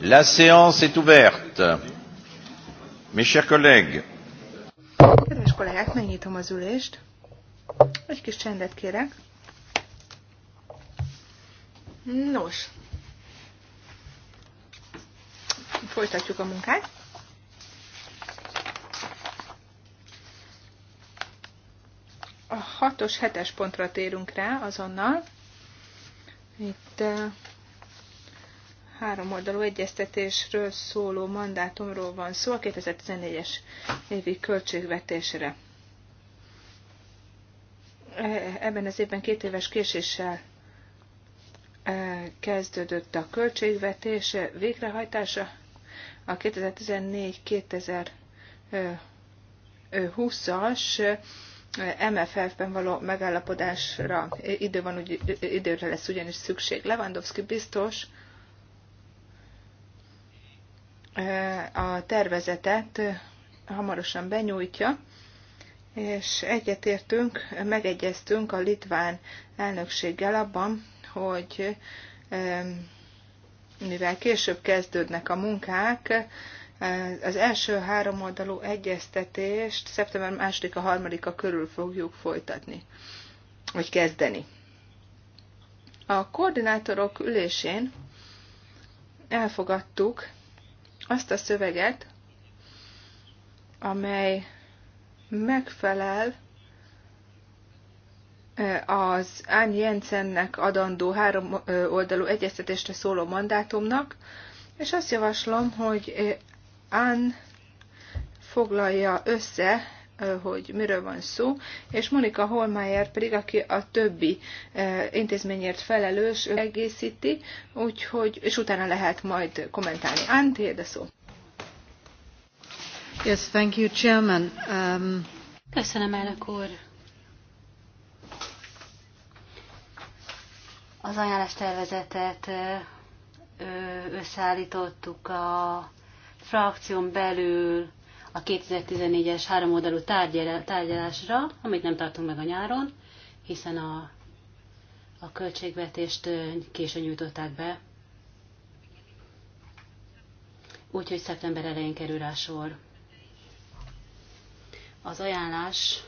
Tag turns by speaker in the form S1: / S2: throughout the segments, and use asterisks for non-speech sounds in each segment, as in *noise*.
S1: La séance est ouverte. Mes chers collègues.
S2: Kedves kollégák, megnyitom az ülést. Egy kis csendet kérek. Nos. Folytatjuk a munkát. A 6-os, 7-es pontra térünk rá azonnal. Itt eh, három oldalú egyeztetésről szóló mandátumról van szó a 2014-es évi költségvetésre. E, ebben az évben két éves késéssel e, kezdődött a költségvetés végrehajtása. A 2014-2020-as e, MFF-ben való megállapodásra idő van, időre lesz ugyanis szükség. Lewandowski biztos, a tervezetet hamarosan benyújtja, és egyetértünk, megegyeztünk a litván elnökséggel abban, hogy mivel később kezdődnek a munkák, az első három oldalú egyeztetést szeptember a harmadika körül fogjuk folytatni, vagy kezdeni. A koordinátorok ülésén elfogadtuk azt a szöveget, amely megfelel az Ány Jensennek adandó három oldalú egyeztetésre szóló mandátumnak, és azt javaslom, hogy Ann foglalja össze hogy miről van szó, és Monika Holmeyer pedig, aki a többi intézményért felelős, egészíti, úgyhogy, és utána lehet majd kommentálni. Anti, de szó.
S3: Yes, thank you, Chairman. Um... Köszönöm, elnök úr. Az tervezetet összeállítottuk a frakción belül, a 2014-es háromoldalú tárgyalásra, amit nem tartunk meg a nyáron, hiszen a, a költségvetést későn nyújtották be. Úgyhogy szeptember elején kerül rá sor. Az ajánlás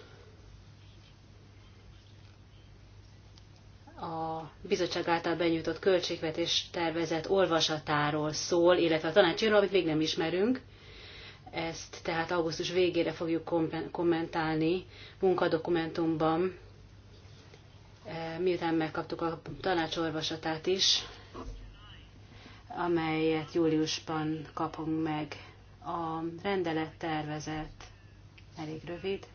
S3: a bizottság által benyújtott költségvetés tervezet olvasatáról szól, illetve a tanácséről, amit még nem ismerünk, ezt tehát augusztus végére fogjuk kommentálni munkadokumentumban, e, miután megkaptuk a tanácsorvasatát is, amelyet júliusban kapunk meg. A rendelet tervezett elég rövid.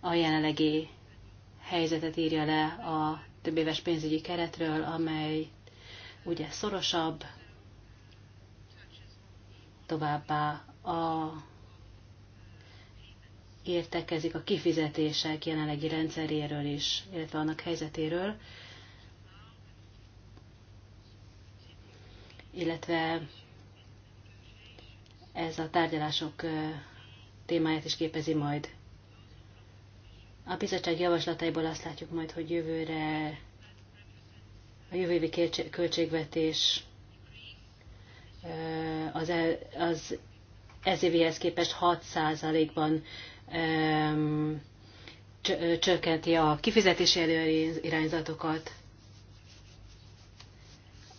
S3: A jelenlegi helyzetet írja le a több éves pénzügyi keretről, amely ugye szorosabb, Továbbá a értekezik a kifizetések jelenlegi rendszeréről is, illetve annak helyzetéről, illetve ez a tárgyalások témáját is képezi majd. A bizottság javaslataiból azt látjuk majd, hogy jövőre a jövő évi költségvetés az, az ez évihez képest 6%-ban csökkenti a kifizetési irányzatokat.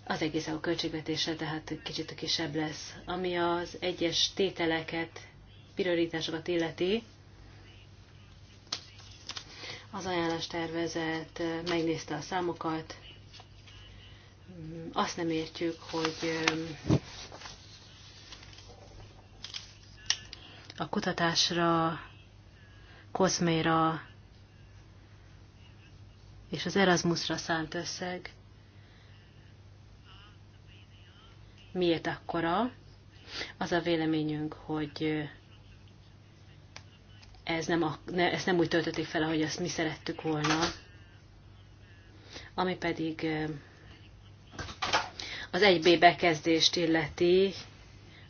S3: az egész a költségvetése, tehát kicsit kisebb lesz. Ami az egyes tételeket, prioritásokat illeti, az tervezet megnézte a számokat, azt nem értjük, hogy a kutatásra, koszméra és az Erasmusra szánt összeg miért akkora? Az a véleményünk, hogy ez nem, a, ne, ez nem úgy töltötték fel, ahogy azt mi szerettük volna, ami pedig eh, az 1B bekezdést illeti,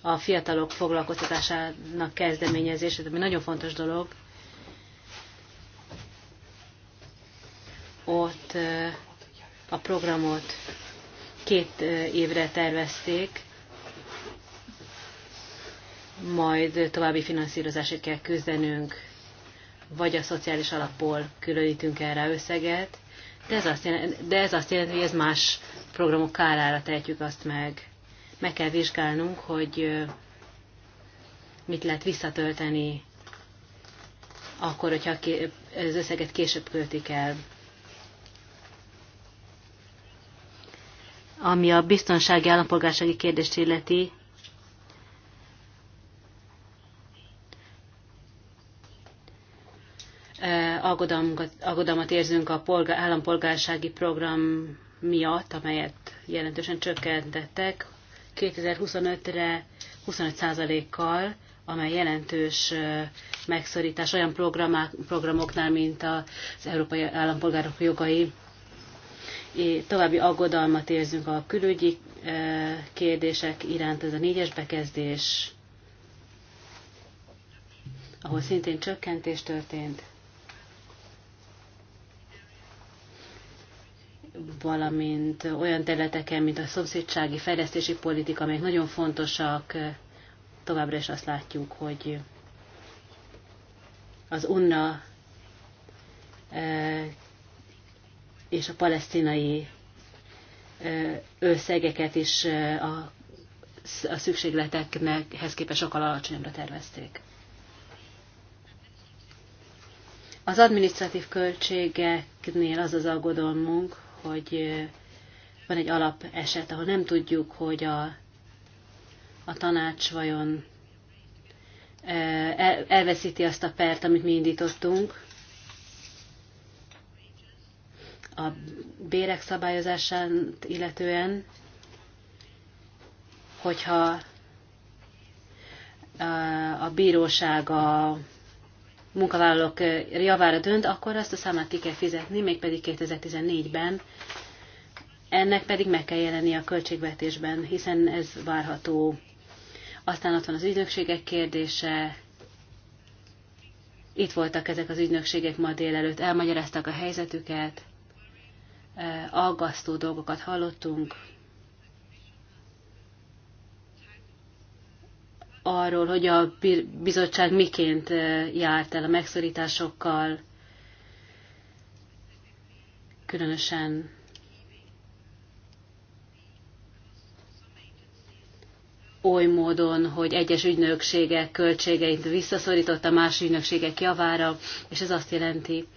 S3: a fiatalok foglalkoztatásának kezdeményezése, ami nagyon fontos dolog. Ott a programot két évre tervezték, majd további finanszírozásért kell küzdenünk, vagy a szociális alapból különítünk erre összeget, de ez azt jelenti, de ez azt jelenti hogy ez más programok kárára tehetjük azt meg meg kell vizsgálnunk, hogy mit lehet visszatölteni akkor, hogyha az összeget később költik el. Ami a biztonsági állampolgársági kérdést illeti, aggodalmat érzünk a polgár, állampolgársági program miatt, amelyet jelentősen csökkentettek. 2025-re 25%-kal, amely jelentős megszorítás olyan programoknál, mint az európai állampolgárok jogai. További aggodalmat érzünk a külügyi kérdések iránt, ez a négyes bekezdés, ahol szintén csökkentés történt. valamint olyan területeken, mint a szomszédsági fejlesztési politika, amelyek nagyon fontosak, továbbra is azt látjuk, hogy az UNRWA e, és a palesztinai e, összegeket is e, a, a szükségleteknekhez képest sokkal alacsonyabbra tervezték. Az adminisztratív költségeknél az az aggodalmunk, hogy van egy alap eset, ahol nem tudjuk, hogy a, a tanács vajon el, elveszíti azt a pert, amit mi indítottunk. A bérek szabályozását illetően, hogyha a bíróság a munkavállalók javára dönt, akkor azt a számát ki kell fizetni, mégpedig 2014-ben. Ennek pedig meg kell jelenni a költségvetésben, hiszen ez várható. Aztán ott van az ügynökségek kérdése. Itt voltak ezek az ügynökségek ma délelőtt, elmagyarázták a helyzetüket, aggasztó dolgokat hallottunk, arról, hogy a bizottság miként járt el a megszorításokkal, különösen oly módon, hogy egyes ügynökségek költségeit visszaszorította más ügynökségek javára, és ez azt jelenti,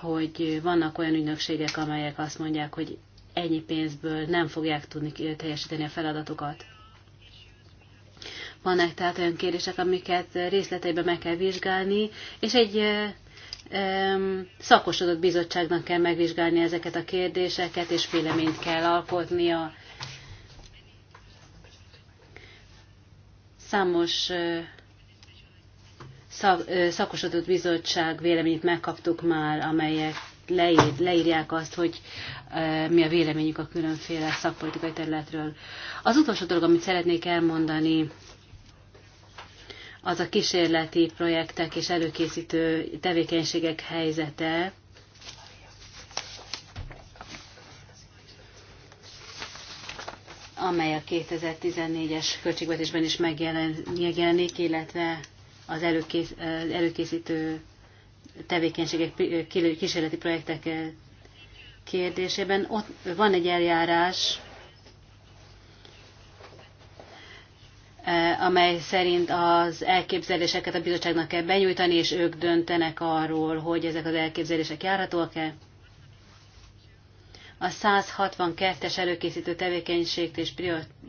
S3: hogy vannak olyan ügynökségek, amelyek azt mondják, hogy ennyi pénzből nem fogják tudni teljesíteni a feladatokat. Vannak tehát olyan kérdések, amiket részleteiben meg kell vizsgálni, és egy szakosodott bizottságnak kell megvizsgálni ezeket a kérdéseket, és véleményt kell alkotnia. Számos szakosodott bizottság véleményt megkaptuk már, amelyek leír, leírják azt, hogy mi a véleményük a különféle szakpolitikai területről. Az utolsó dolog, amit szeretnék elmondani, az a kísérleti projektek és előkészítő tevékenységek helyzete. amely a 2014-es költségvetésben is megjelenik, illetve az előkész, előkészítő tevékenységek, kísérleti projektek kérdésében. Ott van egy eljárás, E, amely szerint az elképzeléseket a bizottságnak kell benyújtani, és ők döntenek arról, hogy ezek az elképzelések járhatóak-e. A 162-es előkészítő tevékenységet és,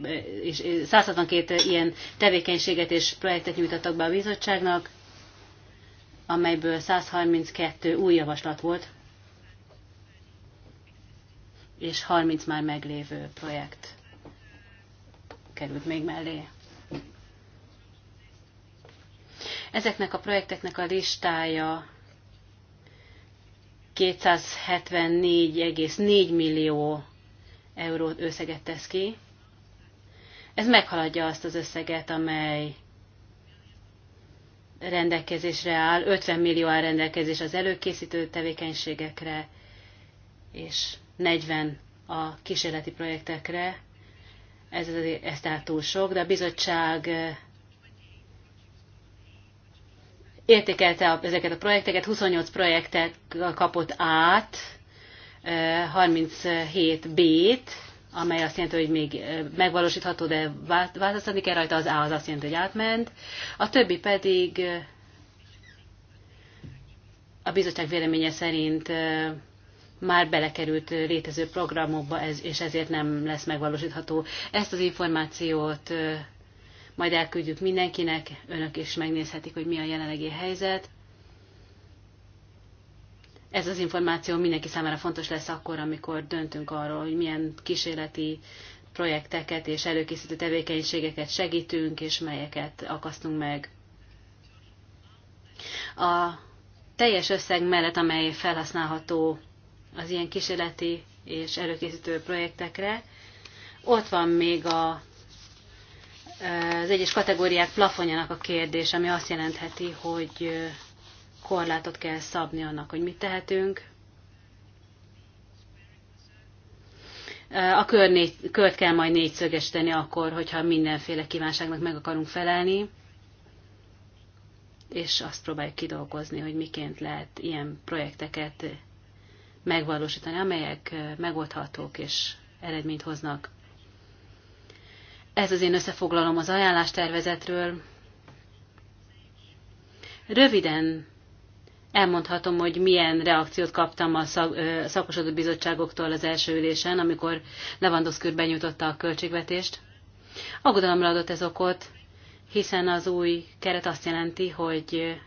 S3: e, és 162 e, ilyen tevékenységet és projektet nyújtottak be a bizottságnak, amelyből 132 új javaslat volt, és 30 már meglévő projekt került még mellé. Ezeknek a projekteknek a listája 274,4 millió euró összeget tesz ki. Ez meghaladja azt az összeget, amely rendelkezésre áll, 50 millió áll rendelkezés az előkészítő tevékenységekre, és 40 a kísérleti projektekre. Ez, ez tehát túl sok, de a bizottság értékelte ezeket a projekteket, 28 projektet kapott át, 37 B-t, amely azt jelenti, hogy még megvalósítható, de változtatni kell rajta, az A az azt jelenti, hogy átment, a többi pedig a bizottság véleménye szerint már belekerült létező programokba, és ezért nem lesz megvalósítható. Ezt az információt majd elküldjük mindenkinek, önök is megnézhetik, hogy mi a jelenlegi helyzet. Ez az információ mindenki számára fontos lesz akkor, amikor döntünk arról, hogy milyen kísérleti projekteket és előkészítő tevékenységeket segítünk, és melyeket akasztunk meg. A teljes összeg mellett, amely felhasználható az ilyen kísérleti és előkészítő projektekre, ott van még a az egyes kategóriák plafonjának a kérdés, ami azt jelentheti, hogy korlátot kell szabni annak, hogy mit tehetünk. A kör négy, kört kell majd négyszögesíteni akkor, hogyha mindenféle kívánságnak meg akarunk felelni, és azt próbáljuk kidolgozni, hogy miként lehet ilyen projekteket megvalósítani, amelyek megoldhatók és eredményt hoznak. Ez az én összefoglalom az ajánlástervezetről. Röviden elmondhatom, hogy milyen reakciót kaptam a szakosodott bizottságoktól az első ülésen, amikor Lewandowski benyújtotta a költségvetést. Aggodalomra adott ez okot, hiszen az új keret azt jelenti, hogy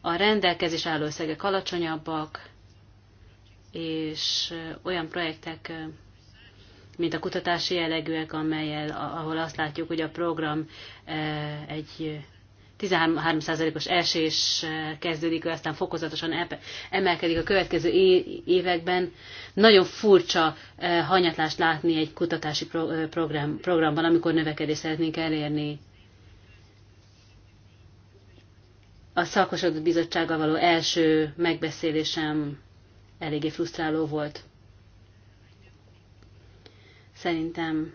S3: a rendelkezés álló alacsonyabbak, és olyan projektek mint a kutatási jellegűek, amelyel, ahol azt látjuk, hogy a program e, egy 13%-os esés e, kezdődik, aztán fokozatosan emelkedik a következő években. Nagyon furcsa e, hanyatlást látni egy kutatási program, programban, amikor növekedést szeretnénk elérni. A szakosodott bizottsággal való első megbeszélésem eléggé frusztráló volt szerintem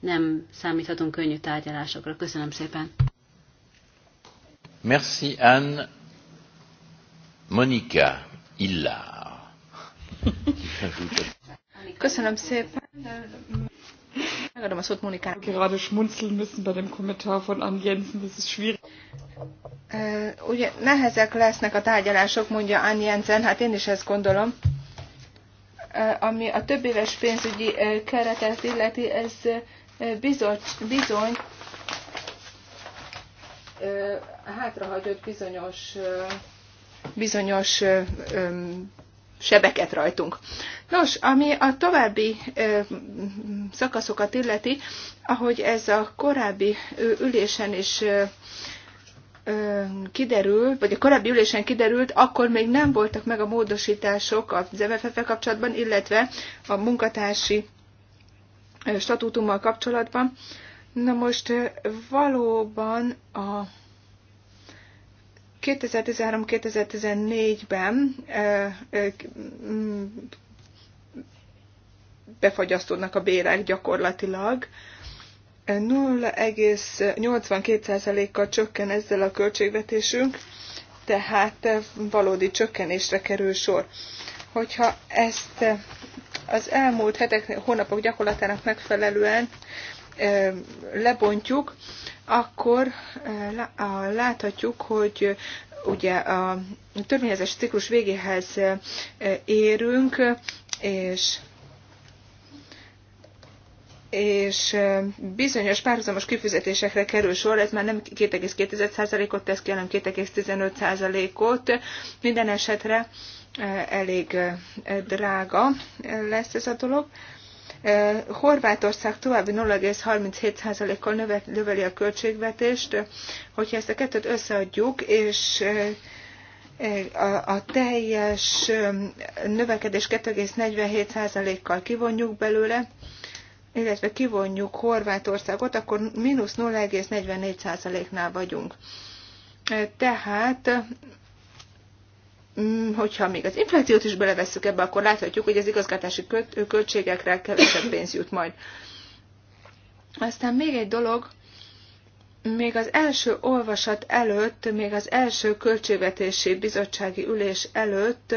S3: nem számíthatunk könnyű tárgyalásokra. Köszönöm szépen.
S1: Merci Anne. Monika Illa.
S2: Köszönöm szépen. Megadom a szót Monikának. Gerade schmunzeln müssen bei dem Kommentar von Anne Jensen, das ist schwierig. Uh, ugye nehezek lesznek a tárgyalások, mondja Anne Jensen, hát én is ezt gondolom ami a több éves pénzügyi keretet illeti, ez bizony, bizony hátrahagyott bizonyos, bizonyos sebeket rajtunk. Nos, ami a további szakaszokat illeti, ahogy ez a korábbi ülésen is kiderült, vagy a korábbi ülésen kiderült, akkor még nem voltak meg a módosítások az MFF-fel kapcsolatban, illetve a munkatársi statútummal kapcsolatban. Na most valóban a 2013-2014-ben befagyasztódnak a bérek gyakorlatilag, 0,82%-kal csökken ezzel a költségvetésünk, tehát valódi csökkenésre kerül sor. Hogyha ezt az elmúlt hetek, hónapok gyakorlatának megfelelően lebontjuk, akkor láthatjuk, hogy ugye a törvényezés ciklus végéhez érünk, és és bizonyos párhuzamos kifizetésekre kerül sor, ez már nem 2,2%-ot tesz ki, hanem 2,15%-ot. Minden esetre elég drága lesz ez a dolog. Horvátország további 0,37%-kal növeli a költségvetést, hogyha ezt a kettőt összeadjuk, és a teljes növekedés 2,47%-kal kivonjuk belőle, illetve kivonjuk Horvátországot, akkor mínusz 0,44%-nál vagyunk. Tehát, mm, hogyha még az inflációt is belevesszük ebbe, akkor láthatjuk, hogy az igazgatási költségekre kevesebb pénz jut majd. Aztán még egy dolog, még az első olvasat előtt, még az első költségvetési bizottsági ülés előtt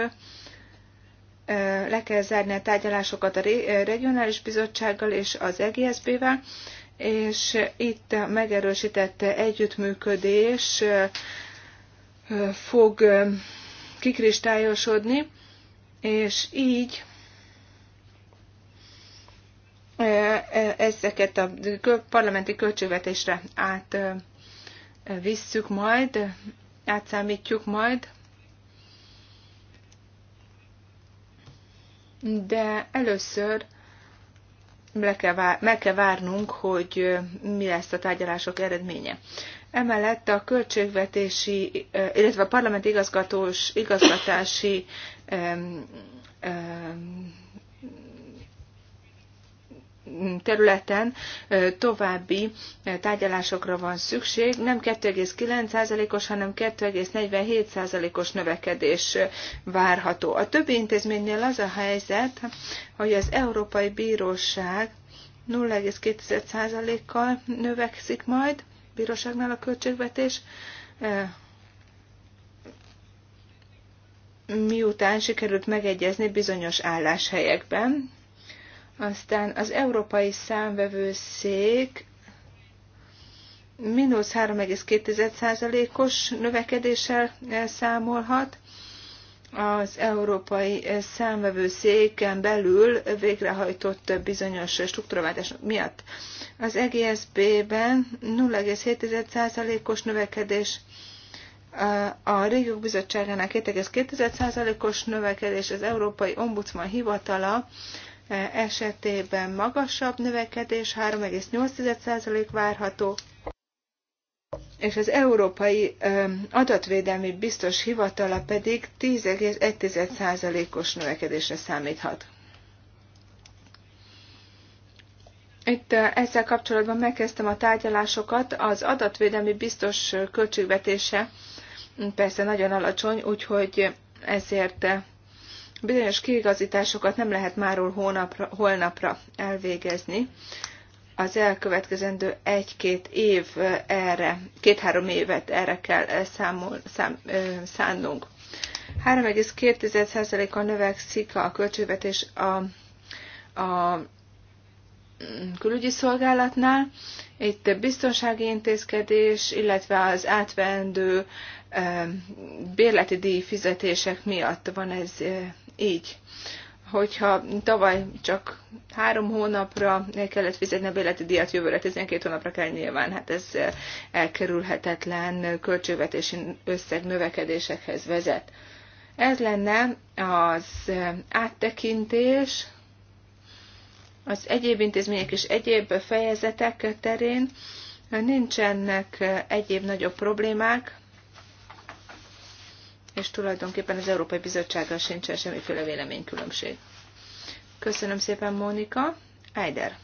S2: le kell zárni a tárgyalásokat a regionális bizottsággal és az EGSB-vel, és itt megerősített együttműködés fog kikristályosodni, és így e, ezeket a parlamenti költségvetésre átvisszük majd, átszámítjuk majd. de először le kell vár, meg kell várnunk, hogy mi lesz a tárgyalások eredménye. Emellett a költségvetési, illetve a parlament igazgatós, igazgatási területen további tárgyalásokra van szükség. Nem 2,9%-os, hanem 2,47%-os növekedés várható. A többi intézménynél az a helyzet, hogy az Európai Bíróság 0,2%-kal növekszik majd, bíróságnál a költségvetés, miután sikerült megegyezni bizonyos álláshelyekben, aztán az Európai Számvevőszék mínusz 3,2%-os növekedéssel eh, számolhat. Az Európai eh, Számvevőszéken belül végrehajtott eh, bizonyos struktúraváltás miatt. Az EGSB-ben 0,7%-os növekedés a régiók bizottságának 2,2%-os növekedés, az Európai Ombudsman Hivatala E, esetében magasabb növekedés, 3,8% várható, és az Európai e, Adatvédelmi Biztos Hivatala pedig 10,1%-os növekedésre számíthat. Itt e, ezzel kapcsolatban megkezdtem a tárgyalásokat. Az adatvédelmi biztos költségvetése persze nagyon alacsony, úgyhogy ezért Bizonyos kiigazításokat nem lehet máról hónapra, holnapra elvégezni. Az elkövetkezendő egy-két év erre, két-három évet erre kell számol, szám, szánnunk. 3,2%-kal növekszik a költségvetés a, a külügyi szolgálatnál. Itt biztonsági intézkedés, illetve az átvendő eh, bérleti díj fizetések miatt van ez eh, így. Hogyha tavaly csak három hónapra kellett fizetni a bérleti díjat, jövőre 12 hónapra kell nyilván, hát ez eh, elkerülhetetlen költségvetési összeg növekedésekhez vezet. Ez lenne az áttekintés, az egyéb intézmények és egyéb fejezetek terén nincsenek egyéb nagyobb problémák, és tulajdonképpen az Európai Bizottsággal sincsen semmiféle véleménykülönbség. Köszönöm szépen, Mónika. Eider.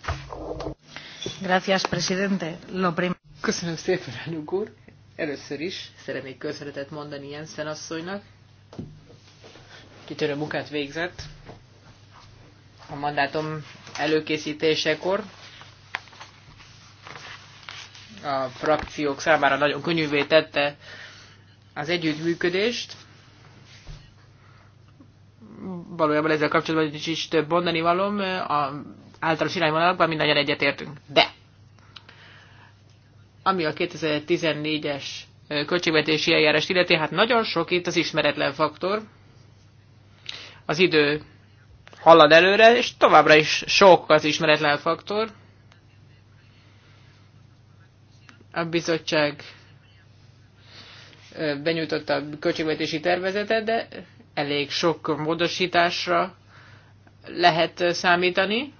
S3: Gracias,
S4: presidente. Lo Köszönöm szépen, elnök úr. Először is szeretnék köszönetet mondani Jensen asszonynak. Kitörő munkát végzett. A mandátum előkészítésekor. A frakciók számára nagyon könnyűvé tette az együttműködést. Valójában ezzel kapcsolatban is, is több mondani valom. A általános irányvonalakban mindannyian egyetértünk. De ami a 2014-es költségvetési eljárást illeti, hát nagyon sok itt az ismeretlen faktor. Az idő halad előre, és továbbra is sok az ismeretlen faktor. A bizottság benyújtotta a költségvetési tervezetet, de elég sok módosításra lehet számítani,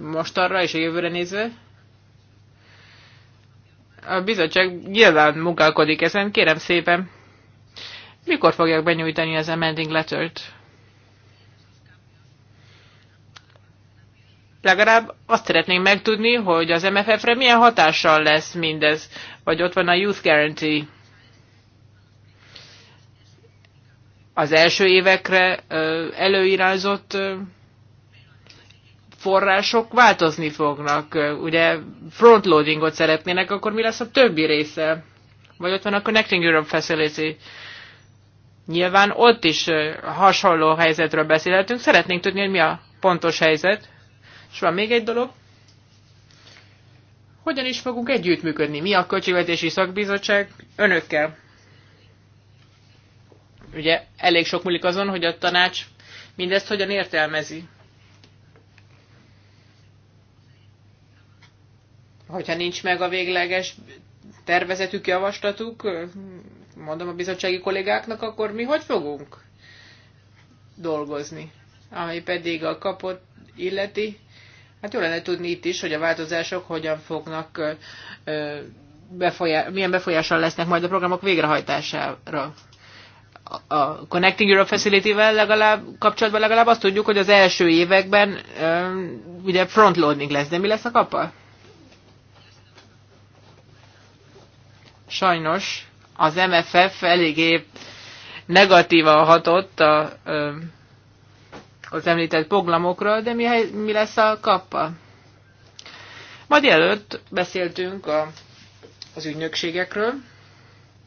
S4: most arra és a jövőre nézve. A bizottság nyilván munkálkodik ezen, kérem szépen. Mikor fogják benyújtani az amending lettert? legalább azt szeretnénk megtudni, hogy az MFF-re milyen hatással lesz mindez, vagy ott van a Youth Guarantee. Az első évekre előirányzott források változni fognak, ugye frontloadingot szeretnének, akkor mi lesz a többi része? Vagy ott van a Connecting Europe Facility. Nyilván ott is hasonló helyzetről beszélhetünk, szeretnénk tudni, hogy mi a pontos helyzet. És van még egy dolog. Hogyan is fogunk együttműködni? Mi a Költségvetési Szakbizottság önökkel? Ugye elég sok múlik azon, hogy a tanács mindezt hogyan értelmezi. Hogyha nincs meg a végleges tervezetük, javaslatuk, mondom a bizottsági kollégáknak, akkor mi hogy fogunk dolgozni? Ami pedig a kapott illeti, Hát jó lenne tudni itt is, hogy a változások hogyan fognak, befolyá- milyen befolyással lesznek majd a programok végrehajtására. A Connecting Europe Facility-vel legalább, kapcsolatban legalább azt tudjuk, hogy az első években ugye frontloading lesz, de mi lesz a kapa? Sajnos az MFF eléggé negatívan hatott a az említett poglamokról, de mi, mi lesz a kappa? Majd előtt beszéltünk a, az ügynökségekről,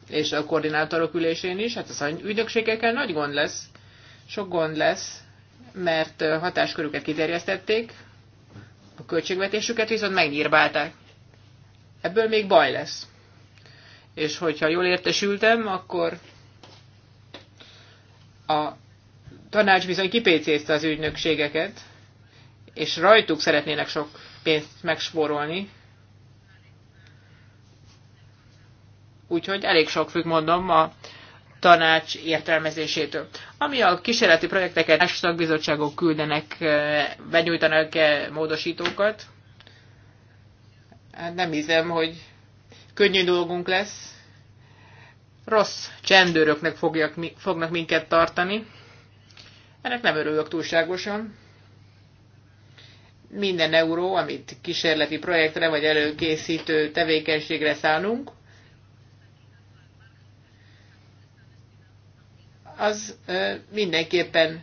S4: és a koordinátorok ülésén is, hát az ügynökségekkel nagy gond lesz, sok gond lesz, mert hatáskörüket kiterjesztették, a költségvetésüket viszont megnyírbálták. Ebből még baj lesz. És hogyha jól értesültem, akkor a tanács bizony kipécézte az ügynökségeket, és rajtuk szeretnének sok pénzt megspórolni. Úgyhogy elég sok függ, mondom, a tanács értelmezésétől. Ami a kísérleti projekteket, más szakbizottságok küldenek, eh, benyújtanak -e módosítókat, hát nem hiszem, hogy könnyű dolgunk lesz. Rossz csendőröknek fogjak, fognak minket tartani. Ennek nem örülök túlságosan. Minden euró, amit kísérleti projektre vagy előkészítő tevékenységre szánunk, az mindenképpen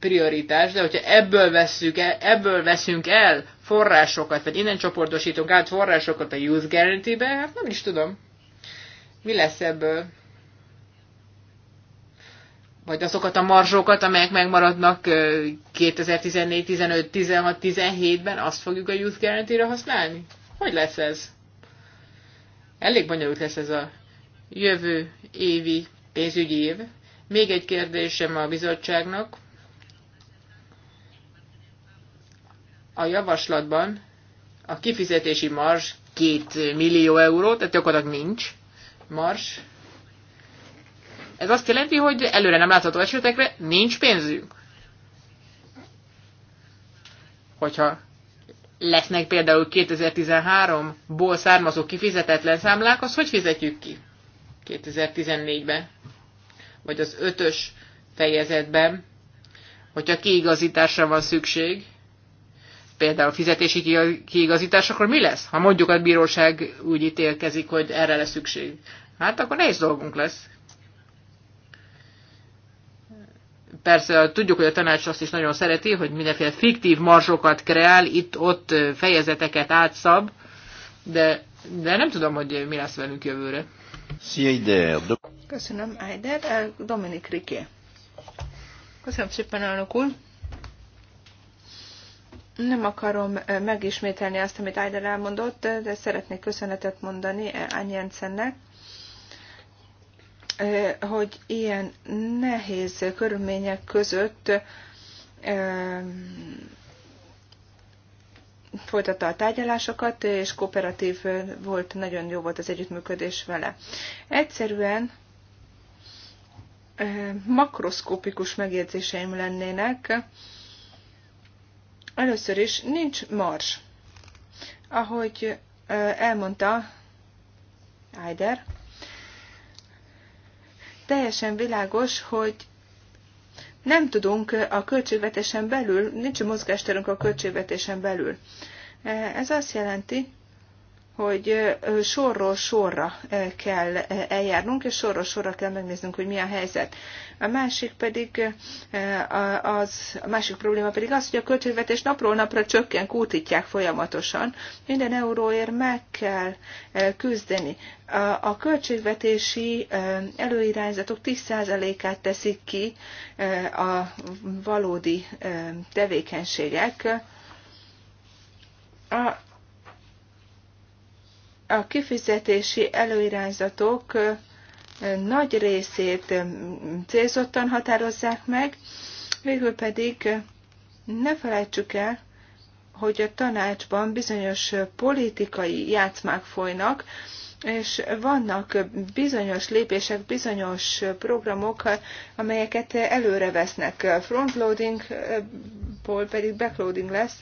S4: prioritás, de hogyha ebből, vesszük el, ebből veszünk el forrásokat, vagy innen csoportosítunk át forrásokat a Youth Guarantee-be, hát nem is tudom. Mi lesz ebből? vagy azokat a marzsokat, amelyek megmaradnak 2014, 15, 16, 17-ben, azt fogjuk a Youth Guarantee-ra használni? Hogy lesz ez? Elég bonyolult lesz ez a jövő évi pénzügyi év. Még egy kérdésem a bizottságnak. A javaslatban a kifizetési marzs 2 millió euró, tehát gyakorlatilag nincs mars. Ez azt jelenti, hogy előre nem látható esetekre nincs pénzünk. Hogyha lesznek például 2013-ból származó kifizetetlen számlák, az hogy fizetjük ki 2014-ben? Vagy az ötös fejezetben, hogyha kiigazításra van szükség, például fizetési kiigazítás, akkor mi lesz? Ha mondjuk a bíróság úgy ítélkezik, hogy erre lesz szükség. Hát akkor nehéz dolgunk lesz. Persze tudjuk, hogy a tanács azt is nagyon szereti, hogy mindenféle fiktív marsokat kreál, itt-ott fejezeteket átszab, de, de nem tudom, hogy mi lesz velünk jövőre.
S2: Köszönöm, Aider. Dominik Riké. Köszönöm szépen, elnök úr. Nem akarom megismételni azt, amit Ájder elmondott, de szeretnék köszönetet mondani Ányjencennek hogy ilyen nehéz körülmények között folytatta a tárgyalásokat, és kooperatív volt, nagyon jó volt az együttműködés vele. Egyszerűen makroszkopikus megjegyzéseim lennének. Először is nincs mars. Ahogy elmondta Eider, teljesen világos, hogy nem tudunk a költségvetésen belül, nincs mozgásterünk a költségvetésen belül. Ez azt jelenti, hogy sorról sorra kell eljárnunk, és sorról sorra kell megnéznünk, hogy mi a helyzet. A másik pedig az, a másik probléma pedig az, hogy a költségvetés napról napra csökken, kútítják folyamatosan. Minden euróért meg kell küzdeni. A költségvetési előirányzatok 10%-át teszik ki a valódi tevékenységek. A a kifizetési előirányzatok nagy részét célzottan határozzák meg, végül pedig ne felejtsük el, hogy a tanácsban bizonyos politikai játszmák folynak, és vannak bizonyos lépések, bizonyos programok, amelyeket előre vesznek. Frontloadingból pedig backloading lesz.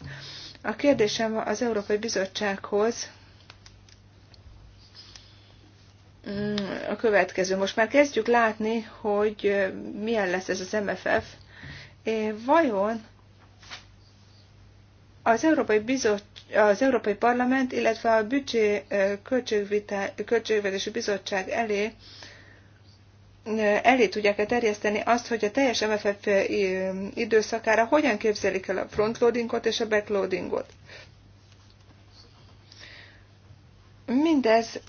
S2: A kérdésem az Európai Bizottsághoz a következő. Most már kezdjük látni, hogy milyen lesz ez az MFF. Vajon az Európai Bizott, az Európai Parlament, illetve a Bücsé Költségvetési Bizottság elé elé tudják-e terjeszteni azt, hogy a teljes MFF időszakára hogyan képzelik el a frontloadingot és a backloadingot. Mindez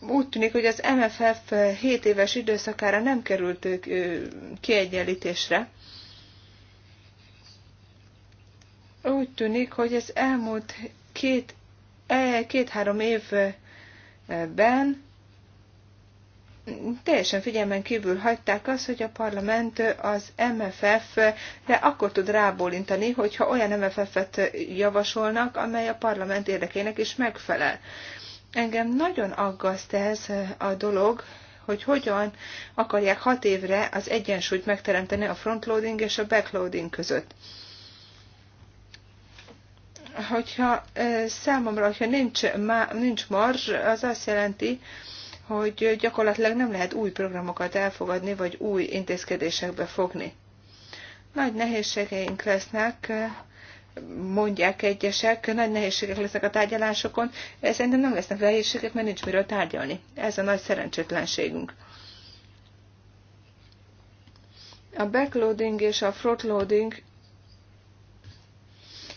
S2: úgy tűnik, hogy az MFF 7 éves időszakára nem került kiegyenlítésre. Úgy tűnik, hogy az elmúlt két, e, két-három évben teljesen figyelmen kívül hagyták azt, hogy a parlament az MFF-re akkor tud rábólintani, hogyha olyan MFF-et javasolnak, amely a parlament érdekének is megfelel. Engem nagyon aggaszt ez a dolog, hogy hogyan akarják hat évre az egyensúlyt megteremteni a frontloading és a backloading között. Hogyha számomra, hogyha nincs, má, nincs marzs, az azt jelenti, hogy gyakorlatilag nem lehet új programokat elfogadni, vagy új intézkedésekbe fogni. Nagy nehézségeink lesznek mondják egyesek, nagy nehézségek lesznek a tárgyalásokon. Szerintem nem lesznek nehézségek, mert nincs miről tárgyalni. Ez a nagy szerencsétlenségünk. A backloading és a frontloading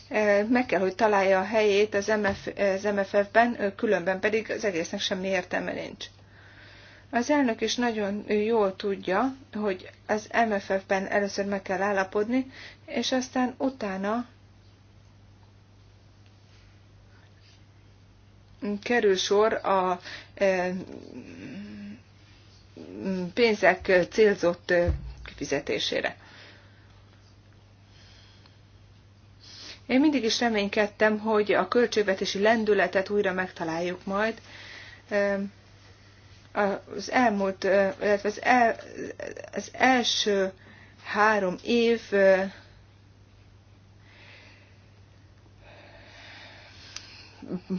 S2: eh, meg kell, hogy találja a helyét az, MF, eh, az MFF-ben, eh, különben pedig az egésznek semmi értelme nincs. Az elnök is nagyon jól tudja, hogy az MFF-ben először meg kell állapodni, és aztán utána kerül sor a e, pénzek célzott kifizetésére. Én mindig is reménykedtem, hogy a költségvetési lendületet újra megtaláljuk majd. E, az elmúlt, e, illetve az, el, az első három év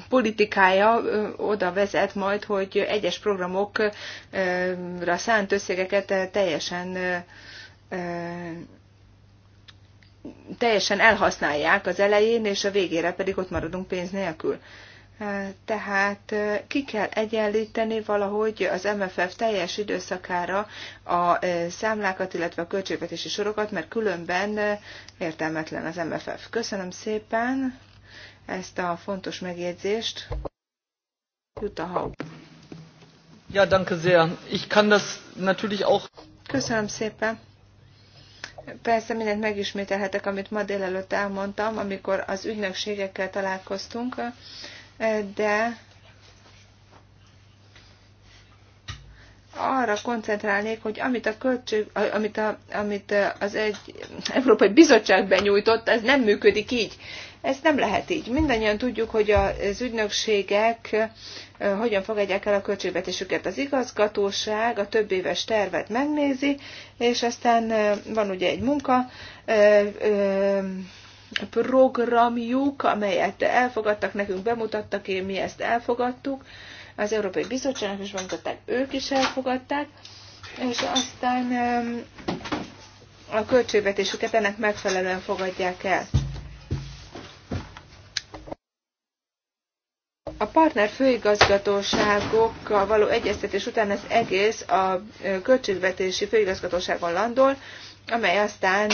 S2: politikája oda vezet majd, hogy egyes programokra szánt összegeket teljesen teljesen elhasználják az elején, és a végére pedig ott maradunk pénz nélkül. Tehát ki kell egyenlíteni valahogy az MFF teljes időszakára a számlákat, illetve a költségvetési sorokat, mert különben értelmetlen az MFF. Köszönöm szépen! ezt a fontos megjegyzést. Jutta
S1: Ja, danke sehr. Ich kann das natürlich auch.
S2: Köszönöm szépen. Persze mindent megismételhetek, amit ma délelőtt elmondtam, amikor az ügynökségekkel találkoztunk, de arra koncentrálnék, hogy amit a költség, amit, a, amit az egy Európai Bizottság benyújtott, ez nem működik így. Ez nem lehet így. Mindannyian tudjuk, hogy az ügynökségek eh, hogyan fogadják el a költségvetésüket. Az igazgatóság a több éves tervet megnézi, és aztán eh, van ugye egy munka eh, programjuk, amelyet elfogadtak nekünk, bemutattak, én mi ezt elfogadtuk. Az Európai Bizottságnak is bemutatták, ők is elfogadták, és aztán a költségvetésüket ennek megfelelően fogadják el. A partner főigazgatóságokkal való egyeztetés után az egész a költségvetési főigazgatóságon landol, amely aztán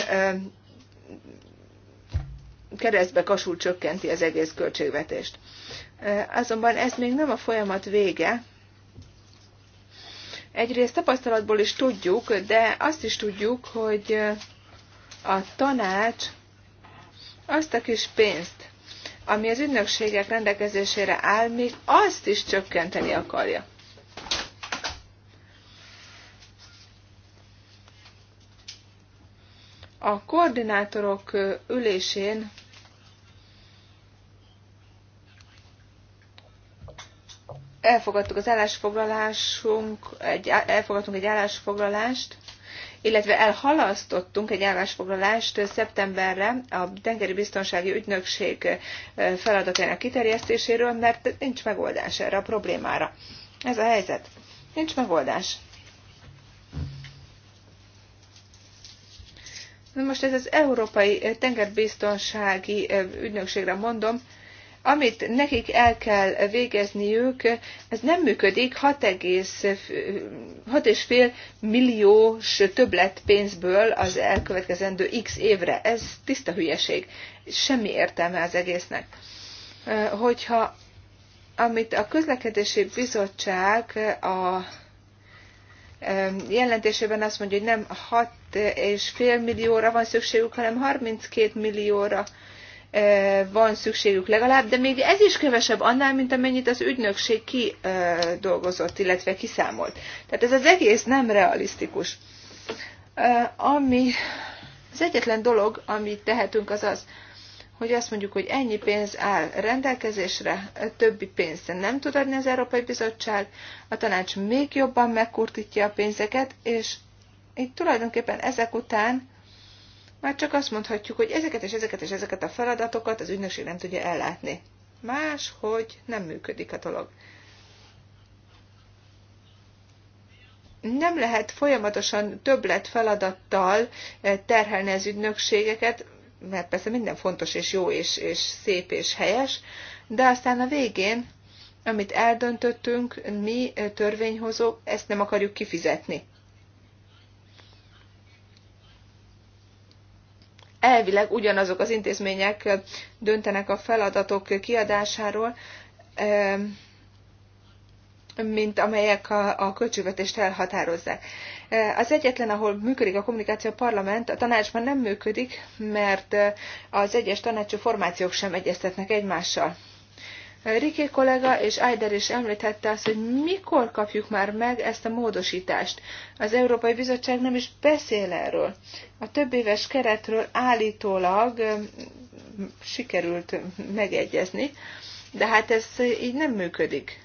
S2: keresztbe kasul csökkenti az egész költségvetést. Azonban ez még nem a folyamat vége. Egyrészt tapasztalatból is tudjuk, de azt is tudjuk, hogy a tanács azt a kis pénzt, ami az ügynökségek rendelkezésére áll, még azt is csökkenteni akarja. A koordinátorok ülésén elfogadtuk az állásfoglalásunk, egy, elfogadtunk egy állásfoglalást, illetve elhalasztottunk egy állásfoglalást szeptemberre a tengeri biztonsági ügynökség feladatának kiterjesztéséről, mert nincs megoldás erre a problémára. Ez a helyzet. Nincs megoldás. Na most ez az Európai Tengerbiztonsági Ügynökségre mondom, amit nekik el kell végezniük, ez nem működik, 6,5 milliós többlet pénzből az elkövetkezendő x évre. Ez tiszta hülyeség. Semmi értelme az egésznek. Hogyha amit a közlekedési bizottság a jelentésében azt mondja, hogy nem 6,5 millióra van szükségük, hanem 32 millióra van szükségük legalább, de még ez is kevesebb annál, mint amennyit az ügynökség kidolgozott, illetve kiszámolt. Tehát ez az egész nem realisztikus. Ami az egyetlen dolog, amit tehetünk, az az, hogy azt mondjuk, hogy ennyi pénz áll rendelkezésre, többi pénzt nem tud adni az Európai Bizottság, a tanács még jobban megkurtítja a pénzeket, és itt tulajdonképpen ezek után már csak azt mondhatjuk, hogy ezeket és ezeket és ezeket a feladatokat az ügynökség nem tudja ellátni. Máshogy nem működik a dolog. Nem lehet folyamatosan többlet feladattal eh, terhelni az ügynökségeket, mert persze minden fontos és jó és, és szép és helyes, de aztán a végén, amit eldöntöttünk, mi eh, törvényhozók, ezt nem akarjuk kifizetni. elvileg ugyanazok az intézmények döntenek a feladatok kiadásáról, mint amelyek a, a költségvetést elhatározzák. Az egyetlen, ahol működik a kommunikáció a parlament, a tanácsban nem működik, mert az egyes tanácsi formációk sem egyeztetnek egymással. Riké kollega és Eider is említette azt, hogy mikor kapjuk már meg ezt a módosítást. Az Európai Bizottság nem is beszél erről. A több éves keretről állítólag sikerült megegyezni, de hát ez így nem működik.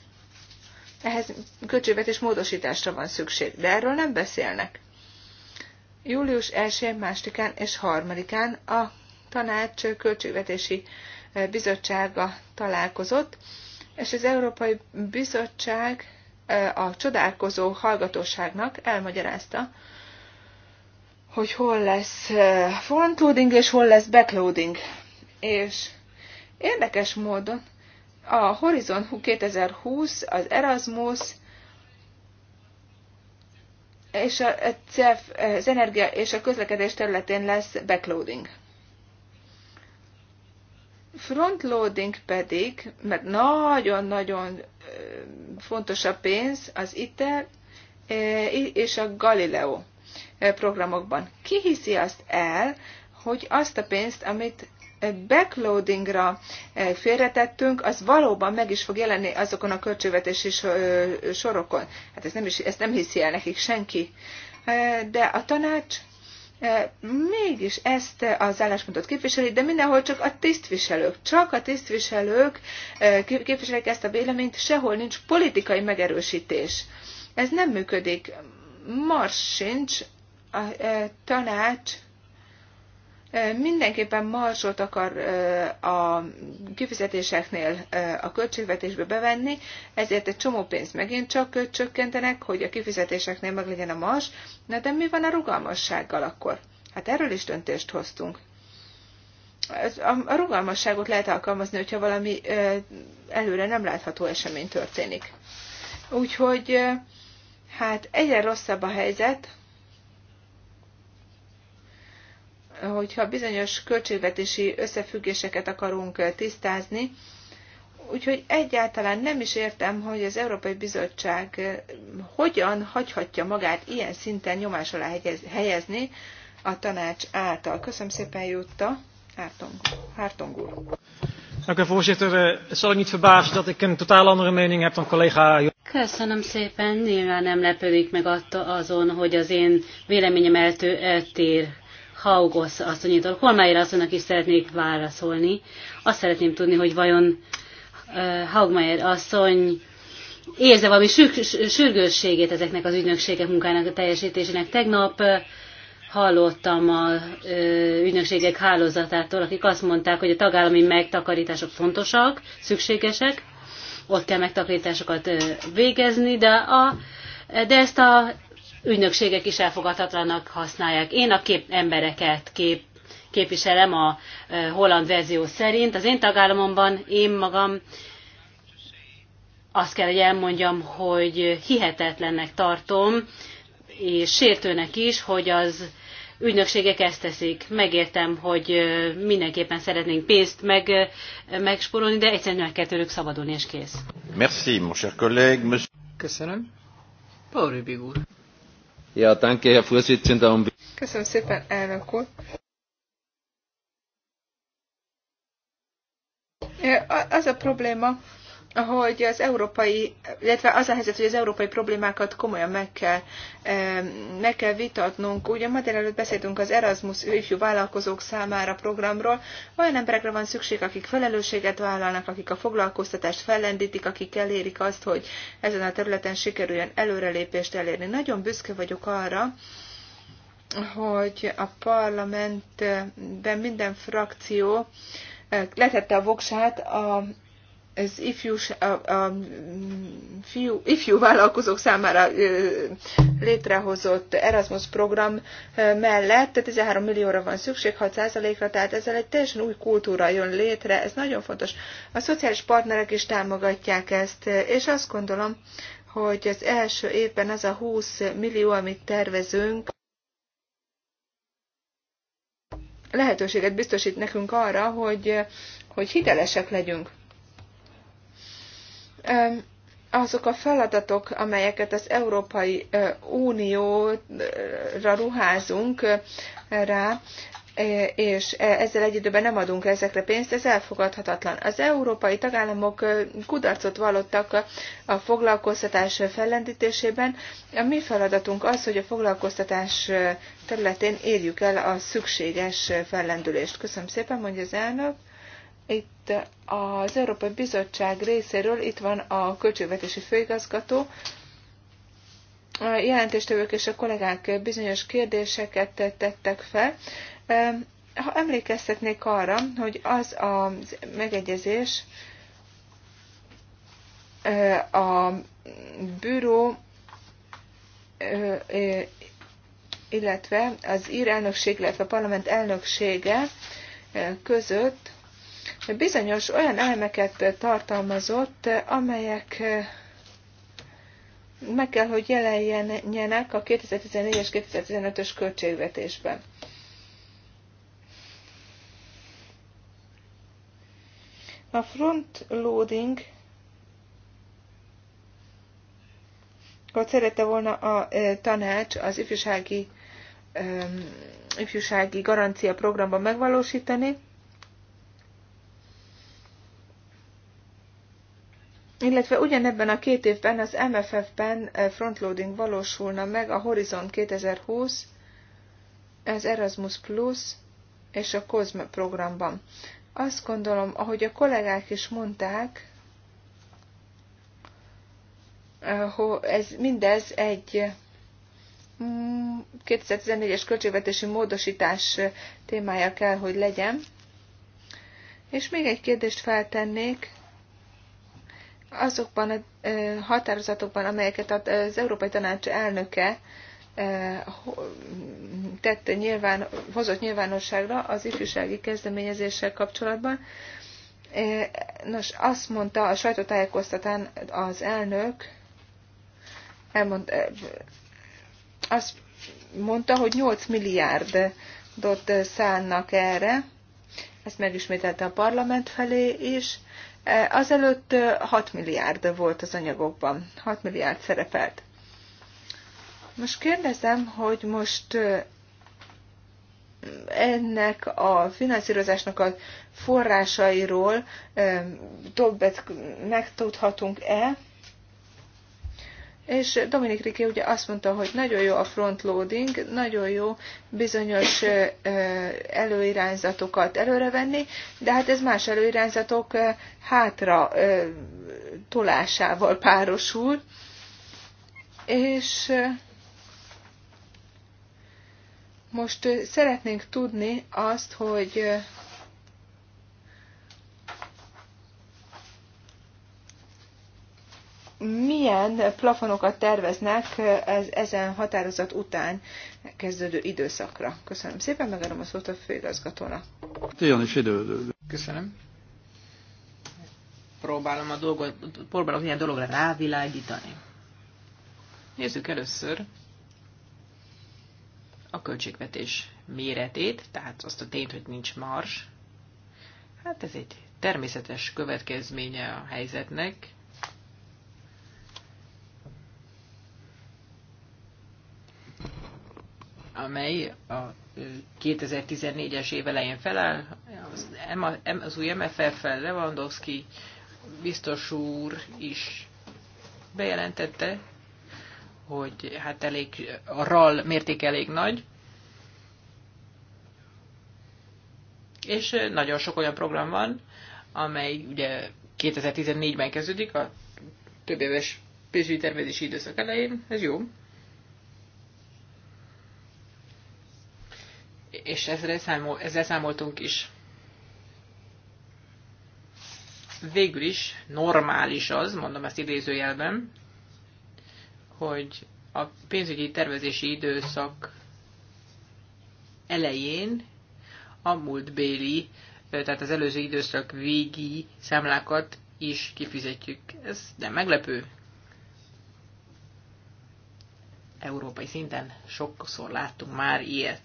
S2: Ehhez költségvetés módosításra van szükség, de erről nem beszélnek. Július 1-én, 2 és 3-án a tanács költségvetési bizottsága találkozott, és az Európai Bizottság a csodálkozó hallgatóságnak elmagyarázta, hogy hol lesz frontloading és hol lesz backloading. És érdekes módon a Horizon 2020, az Erasmus és a CEF, az energia és a közlekedés területén lesz backloading frontloading pedig, mert nagyon-nagyon fontos a pénz, az ITER és a Galileo programokban. Ki hiszi azt el, hogy azt a pénzt, amit backloadingra félretettünk, az valóban meg is fog jelenni azokon a költségvetési sorokon. Hát ezt nem, is, ezt nem hiszi el nekik senki. De a tanács mégis ezt az álláspontot képviseli, de mindenhol csak a tisztviselők, csak a tisztviselők képviselik ezt a véleményt, sehol nincs politikai megerősítés. Ez nem működik. Mars sincs, a tanács mindenképpen marsot akar a kifizetéseknél a költségvetésbe bevenni, ezért egy csomó pénzt megint csak csökkentenek, hogy a kifizetéseknél meg legyen a mars. Na de mi van a rugalmassággal akkor? Hát erről is döntést hoztunk. A rugalmasságot lehet alkalmazni, hogyha valami előre nem látható esemény történik. Úgyhogy hát egyre rosszabb a helyzet, hogyha bizonyos költségvetési összefüggéseket akarunk eh, tisztázni, Úgyhogy egyáltalán nem is értem, hogy az Európai Bizottság eh, hogyan hagyhatja magát ilyen szinten nyomás alá helyezni a tanács által. Köszönöm szépen,
S3: Jutta. Hártong, úr.
S4: Dank u voorzitter. Eh, het zal u niet verbazen dat ik een totaal andere mening heb dan collega
S3: Köszönöm szépen. Nyilván nem lepődik meg azon, hogy az én véleményem eltér Haugosz Hol Holmájra asszonynak is szeretnék válaszolni. Azt szeretném tudni, hogy vajon uh, Haugmeier asszony érze valami sürgősségét ezeknek az ügynökségek munkának a teljesítésének. Tegnap uh, hallottam a uh, ügynökségek hálózatától, akik azt mondták, hogy a tagállami megtakarítások fontosak, szükségesek, ott kell megtakarításokat uh, végezni, de a de ezt a ügynökségek is elfogadhatatlanak használják. Én a kép embereket kép, képviselem a holland verzió szerint. Az én tagállamomban én magam azt kell, hogy elmondjam, hogy hihetetlennek tartom, és sértőnek is, hogy az ügynökségek ezt teszik. Megértem, hogy mindenképpen szeretnénk pénzt meg, megsporolni, de egyszerűen meg kell tőlük szabadulni, és kész.
S1: Merci, mon cher collègue.
S3: Köszönöm.
S4: Paul Rübig úr.
S1: Ja, danke, Herr Vorsitzender.
S2: Köszönöm szépen, elnök úr. Az a probléma, hogy az európai, illetve az a helyzet, hogy az európai problémákat komolyan meg kell, meg kell vitatnunk. Ugye ma előtt beszéltünk az Erasmus ifjú vállalkozók számára programról. Olyan emberekre van szükség, akik felelősséget vállalnak, akik a foglalkoztatást fellendítik, akik elérik azt, hogy ezen a területen sikerüljön előrelépést elérni. Nagyon büszke vagyok arra, hogy a parlamentben minden frakció letette a voksát a ez ifjús, a, a mm, fiú, ifjú vállalkozók számára létrehozott Erasmus program mellett tehát 13 millióra van szükség, 6%-ra, tehát ezzel egy teljesen új kultúra jön létre, ez nagyon fontos. A szociális partnerek is támogatják ezt, és azt gondolom, hogy az első évben az a 20 millió, amit tervezünk, lehetőséget biztosít nekünk arra, hogy, hogy hitelesek legyünk azok a feladatok, amelyeket az Európai Unióra ruházunk rá, és e, ezzel egy időben nem adunk ezekre pénzt, ez elfogadhatatlan. Az európai tagállamok kudarcot vallottak a foglalkoztatás fellendítésében. A mi feladatunk az, hogy a foglalkoztatás területén érjük el a szükséges fellendülést. Köszönöm szépen, mondja az elnök. Itt az Európai Bizottság részéről itt van a költségvetési főigazgató, a jelentéstevők és a kollégák bizonyos kérdéseket tettek fel. Ha emlékeztetnék arra, hogy az a megegyezés a bűró, illetve az ír elnökség, illetve a parlament elnöksége között bizonyos olyan elemeket tartalmazott, amelyek eh, meg kell, hogy jelenjenek a 2014-es 2015-ös költségvetésben. A front loading szerette volna a eh, tanács az ifjúsági, ifjúsági garancia programban megvalósítani, illetve ugyanebben a két évben az MFF-ben eh, frontloading valósulna meg a Horizon 2020, az Erasmus Plus és a COSME programban. Azt gondolom, ahogy a kollégák is mondták, eh, ez mindez egy 2014-es mm, költségvetési módosítás eh, témája kell, hogy legyen. És még egy kérdést feltennék, azokban a határozatokban, amelyeket az Európai Tanács elnöke tette nyilván, hozott nyilvánosságra az ifjúsági kezdeményezéssel kapcsolatban. Nos, azt mondta a sajtótájékoztatán az elnök, elmond, azt mondta, hogy 8 milliárdot szánnak erre, ezt megismételte a parlament felé is, Eh, azelőtt 6 eh, milliárd volt az anyagokban, 6 milliárd szerepelt. Most kérdezem, hogy most eh, ennek a finanszírozásnak a forrásairól többet megtudhatunk-e? És Dominik Riki ugye azt mondta, hogy nagyon jó a frontloading, nagyon jó bizonyos előirányzatokat előrevenni, de hát ez más előirányzatok hátra tolásával párosul. És most szeretnénk tudni azt, hogy milyen plafonokat terveznek eh, ez, ezen határozat után kezdődő időszakra. Köszönöm szépen, megadom a szót a főigazgatónak.
S1: Köszönöm.
S4: Próbálom a dolgot, próbálok ilyen dologra rávilágítani. Nézzük először a költségvetés méretét, tehát azt a tényt, hogy nincs mars. Hát ez egy természetes következménye a helyzetnek, amely a 2014-es év elején feláll, az új MFF-fel Lewandowski biztos úr is bejelentette, hogy hát elég, a RAL mérték elég nagy, és nagyon sok olyan program van, amely ugye 2014-ben kezdődik, a több éves pénzügyi tervezési időszak elején, ez jó. és ezzel, számol, ezzel számoltunk is. Végül is normális az, mondom ezt idézőjelben, hogy a pénzügyi tervezési időszak elején a béli, tehát az előző időszak végi számlákat is kifizetjük. Ez nem meglepő. Európai szinten sokszor láttunk már ilyet.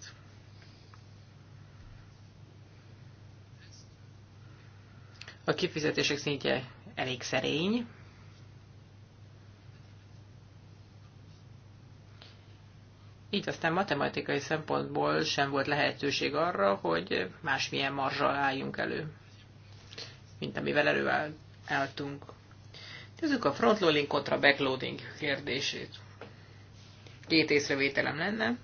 S4: A kifizetések szintje elég szerény. Így aztán matematikai szempontból sem volt lehetőség arra, hogy másmilyen marzsal álljunk elő, mint amivel előálltunk. Nézzük a frontloading kontra backloading kérdését. Két észrevételem lenne.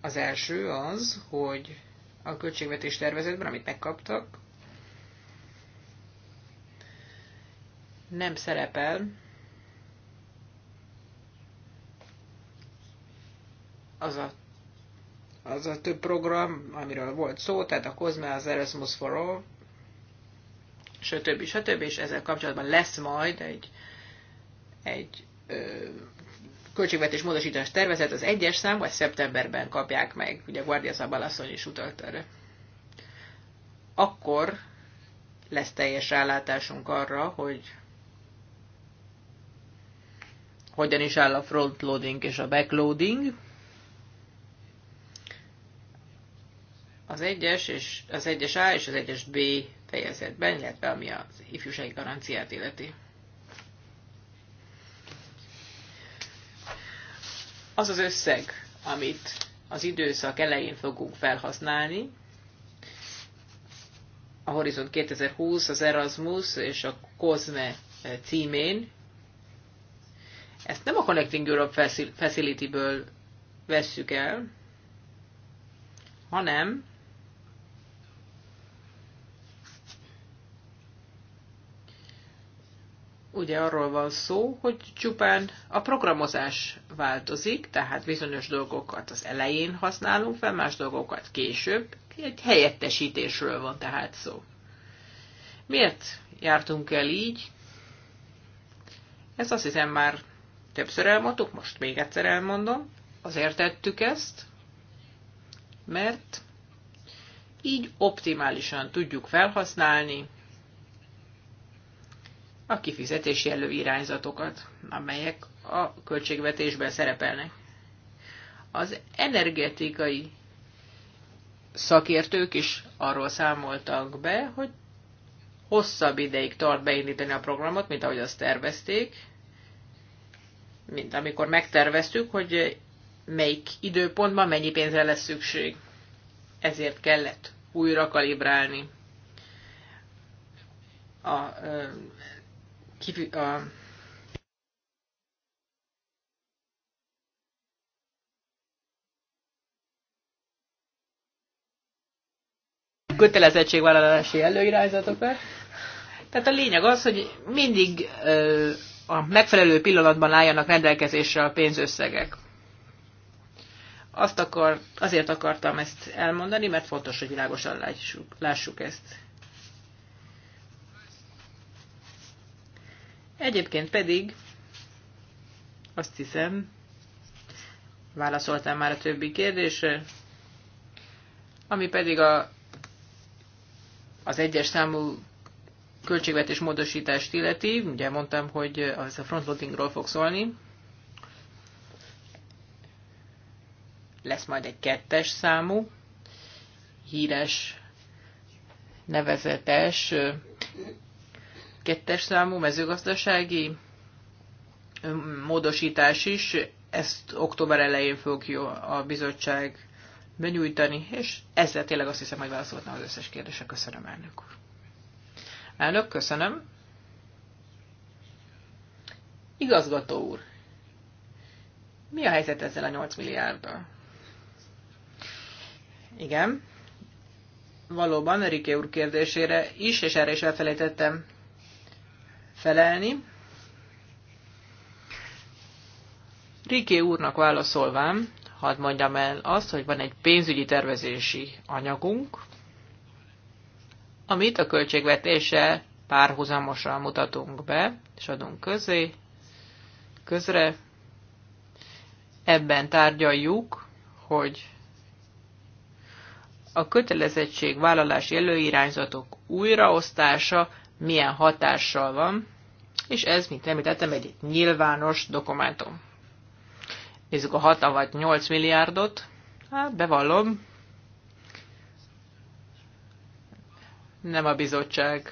S4: Az első az, hogy a költségvetés tervezetben, amit megkaptak, nem szerepel az a, az a több program, amiről volt szó, tehát a COSME, az Erasmus for All, stb. stb. és ezzel kapcsolatban lesz majd egy, egy ö, költségvetés módosítás tervezet, az egyes szám, vagy szeptemberben kapják meg, ugye Guardia Szabalasszony is utalt erre. Akkor lesz teljes rálátásunk arra, hogy hogyan is áll a frontloading és a backloading. Az egyes és az egyes A és az egyes B fejezetben, illetve ami az ifjúsági garanciát illeti. Az az összeg, amit az időszak elején fogunk felhasználni, a Horizon 2020, az Erasmus és a COSME címén, ezt nem a Connecting Europe Facility-ből vesszük el, hanem ugye arról van szó, hogy csupán a programozás változik, tehát bizonyos dolgokat az elején használunk fel, más dolgokat később. Egy helyettesítésről van tehát szó. Miért jártunk el így? Ez azt hiszem már Többször elmondtuk, most még egyszer elmondom. Azért tettük ezt, mert így optimálisan tudjuk felhasználni a kifizetési előirányzatokat, amelyek a költségvetésben szerepelnek. Az energetikai szakértők is arról számoltak be, hogy hosszabb ideig tart beindítani a programot, mint ahogy azt tervezték, mint amikor megterveztük, hogy melyik időpontban mennyi pénzre lesz szükség. Ezért kellett újra kalibrálni a, a, a kötelezettségvállalási előirányzatokat. Tehát a lényeg az, hogy mindig ö, a megfelelő pillanatban álljanak rendelkezésre a pénzösszegek. Azt akar, azért akartam ezt elmondani, mert fontos, hogy világosan lássuk, lássuk ezt. Egyébként pedig azt hiszem, válaszoltam már a többi kérdésre, ami pedig a, az egyes számú költségvetés módosítást illeti, ugye mondtam, hogy az a frontloadingról fog szólni, lesz majd egy kettes számú, híres, nevezetes, kettes számú mezőgazdasági módosítás is, ezt október elején fogja a bizottság benyújtani, és ezzel tényleg azt hiszem, hogy válaszoltam az összes kérdésre. Köszönöm, elnök úr. Elnök, köszönöm. Igazgató úr,
S3: mi a helyzet ezzel a 8 milliárddal?
S4: Igen, valóban Riké úr kérdésére is, és erre is elfelejtettem felelni. Riké úrnak válaszolván, hadd mondjam el azt, hogy van egy pénzügyi tervezési anyagunk, amit a költségvetéssel párhuzamosan mutatunk be, és adunk közé, közre. Ebben tárgyaljuk, hogy a kötelezettség vállalási előirányzatok újraosztása milyen hatással van, és ez, mint említettem, egy nyilvános dokumentum. Nézzük a 6 vagy 8 milliárdot. Hát bevallom, nem a bizottság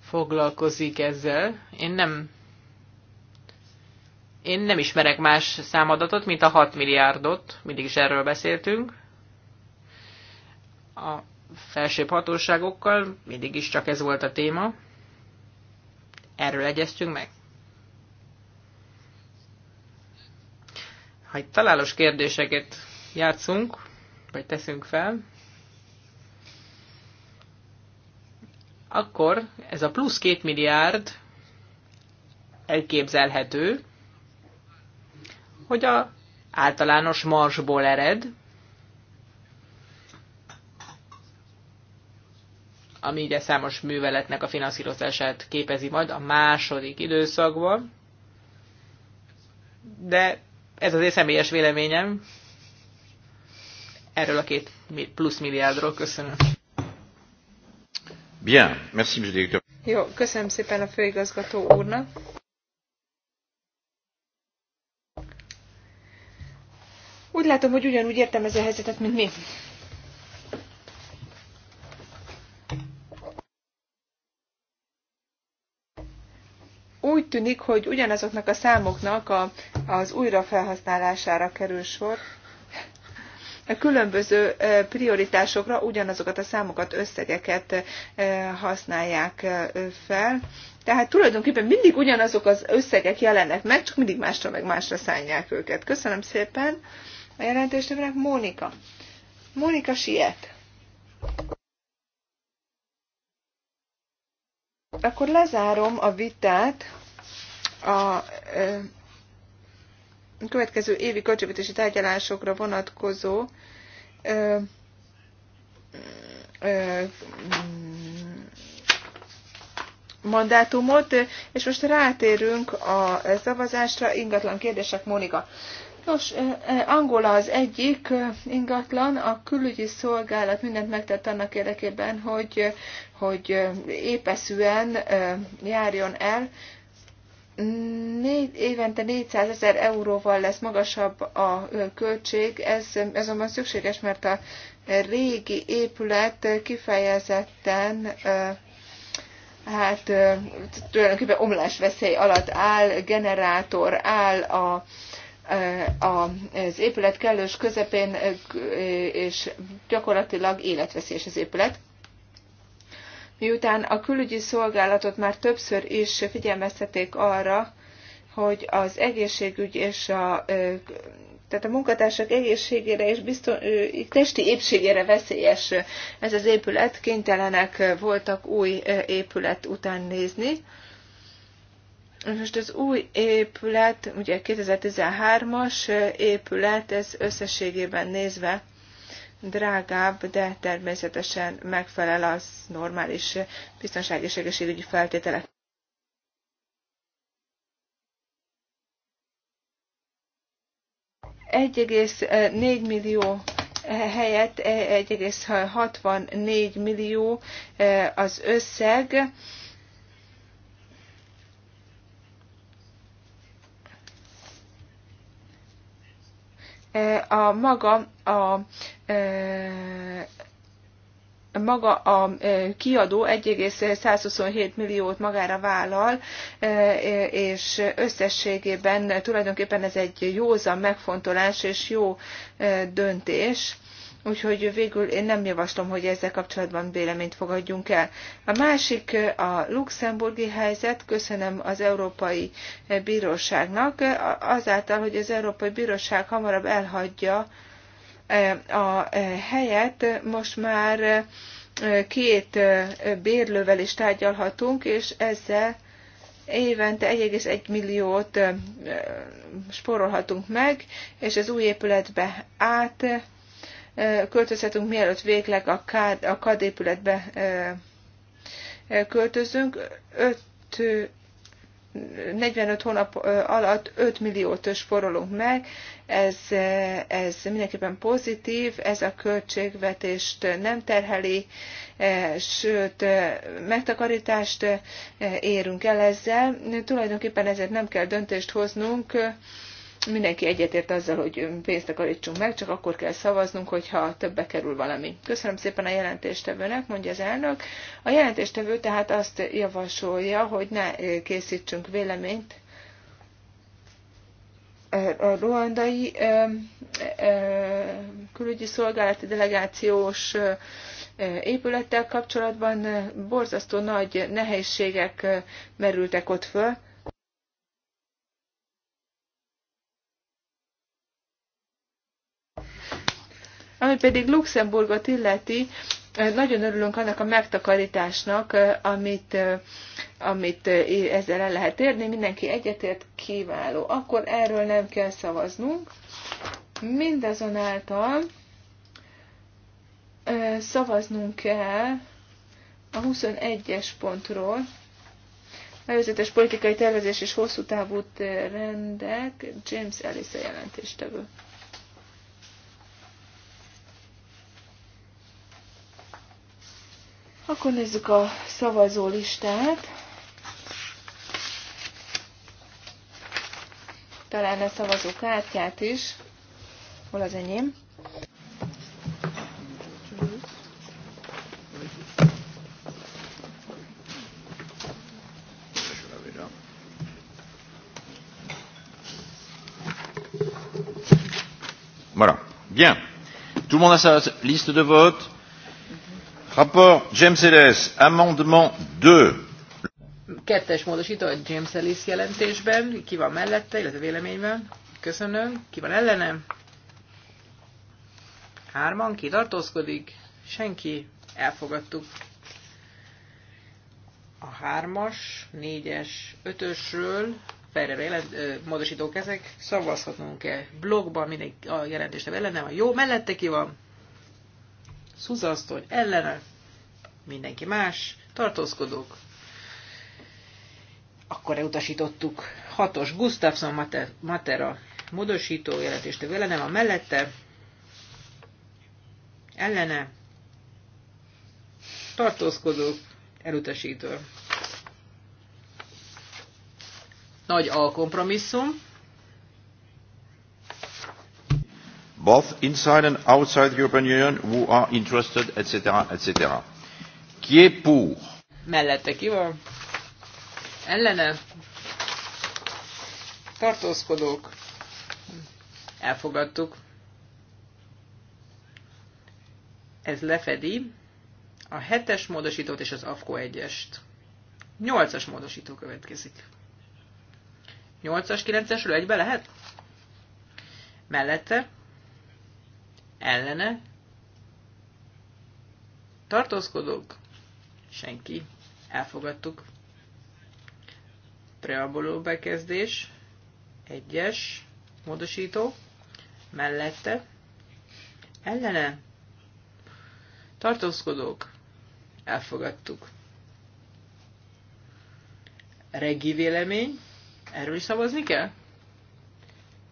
S4: foglalkozik ezzel. Én nem, én nem ismerek más számadatot, mint a 6 milliárdot, mindig is erről beszéltünk. A felsőbb hatóságokkal mindig is csak ez volt a téma. Erről egyeztünk meg. Ha itt találós kérdéseket játszunk, vagy teszünk fel, akkor ez a plusz két milliárd elképzelhető, hogy a általános marsból ered, ami ugye számos műveletnek a finanszírozását képezi majd a második időszakban. De ez az én személyes véleményem erről a két plusz milliárdról. Köszönöm.
S1: Bien, merci, monsieur directeur.
S2: Jó, köszönöm szépen a főigazgató úrnak. Úgy látom, hogy ugyanúgy értem ez a helyzetet, mint mi. Úgy tűnik, hogy ugyanazoknak a számoknak a, az újrafelhasználására kerül sor, különböző prioritásokra ugyanazokat a számokat, összegeket használják fel. Tehát tulajdonképpen mindig ugyanazok az összegek jelennek meg, csak mindig másra meg másra szállják őket. Köszönöm szépen a jelentéstevőnek, Mónika. Mónika siet. Akkor lezárom a vitát a következő évi költségvetési tárgyalásokra vonatkozó ö, ö, mm, mandátumot, és most rátérünk a szavazásra, ingatlan kérdések, Mónika. Nos, Angola az egyik ingatlan, a külügyi szolgálat mindent megtett annak érdekében, hogy, hogy épeszűen járjon el négy, évente 400 ezer euróval lesz magasabb a költség, ez azonban szükséges, mert a régi épület kifejezetten hát tulajdonképpen omlásveszély alatt áll, generátor áll a, a, az épület kellős közepén, és gyakorlatilag életveszélyes az épület. Miután a külügyi szolgálatot már többször is figyelmeztették arra, hogy az egészségügy és a tehát a munkatársak egészségére és bizton, testi épségére veszélyes ez az épület, kénytelenek voltak új épület után nézni. Most az új épület, ugye 2013-as épület, ez összességében nézve drágább, de természetesen megfelel az normális biztonsági és egészségügyi feltételek. ...1,4 millió eh, helyett 1,64 eh, millió eh, az összeg, Eh, a maga a eh, maga a eh, kiadó 1,127 milliót magára vállal, és összességében tulajdonképpen ez egy józan megfontolás és jó döntés Úgyhogy végül én nem javaslom, hogy ezzel kapcsolatban véleményt fogadjunk el. A másik a luxemburgi helyzet, köszönöm az Európai Bíróságnak, azáltal, hogy az Európai Bíróság hamarabb elhagyja e, a e, helyet, most már e, két bérlővel is tárgyalhatunk, és ezzel évente 1,1 milliót spórolhatunk meg, és az új épületbe át költözhetünk, mielőtt végleg a kád a kád épületbe költözünk. 5 45 hónap alatt 5 milliót sporolunk meg, ez, ez mindenképpen pozitív, ez a költségvetést nem terheli, sőt, megtakarítást érünk el ezzel. Tulajdonképpen ezért nem kell döntést hoznunk mindenki egyetért azzal, hogy pénzt akarítsunk meg, csak akkor kell szavaznunk, hogyha többe kerül valami. Köszönöm szépen a jelentéstevőnek, mondja az elnök. A jelentéstevő tehát azt javasolja, hogy ne készítsünk véleményt a ruandai külügyi szolgálati delegációs épülettel kapcsolatban borzasztó nagy nehézségek merültek ott föl Ami pedig Luxemburgot illeti, nagyon örülünk annak a megtakarításnak, amit, amit ezzel el lehet érni. Mindenki egyetért kiváló. Akkor erről nem kell szavaznunk. Mindazonáltal szavaznunk kell a 21-es pontról, előzetes politikai tervezés és hosszú távú rendek, James Ellis a jelentéstevő. Akkor nézzük a szavazó listát. Talán a kártyát is. Hol az enyém?
S1: Voilà. Bien. Tout le monde a sa liste de vote.
S4: Kettes módosító a James Ellis jelentésben. Ki van mellette, illetve véleményben? Köszönöm. Ki van ellenem? Hárman, ki tartózkodik? Senki. Elfogadtuk. A hármas, négyes, ötösről Ferrer jelent, ö, módosítók ezek. Szavazhatnunk-e blogban, mindegy a jelentésre ellenem? A Jó, mellette ki van? Szuzasztony ellene, mindenki más, tartózkodók. Akkor elutasítottuk. Hatos Gustafsson Matera módosító vele nem a mellette, ellene, tartózkodók, elutasító. Nagy alkompromisszum,
S1: both inside and outside the European Union who are interested, etc., etc. Qui est pour?
S4: Mellette ki van? Ellene? Tartózkodók? Elfogadtuk. Ez lefedi a 7-es módosítót és az AFKO 1-est. 8-as módosító következik. 8-as, 9-esről egybe lehet? Mellette ellene, tartózkodók, senki, elfogadtuk. Preaboló bekezdés, egyes, módosító, mellette, ellene, tartózkodók, elfogadtuk. Regi vélemény, erről is szavazni kell?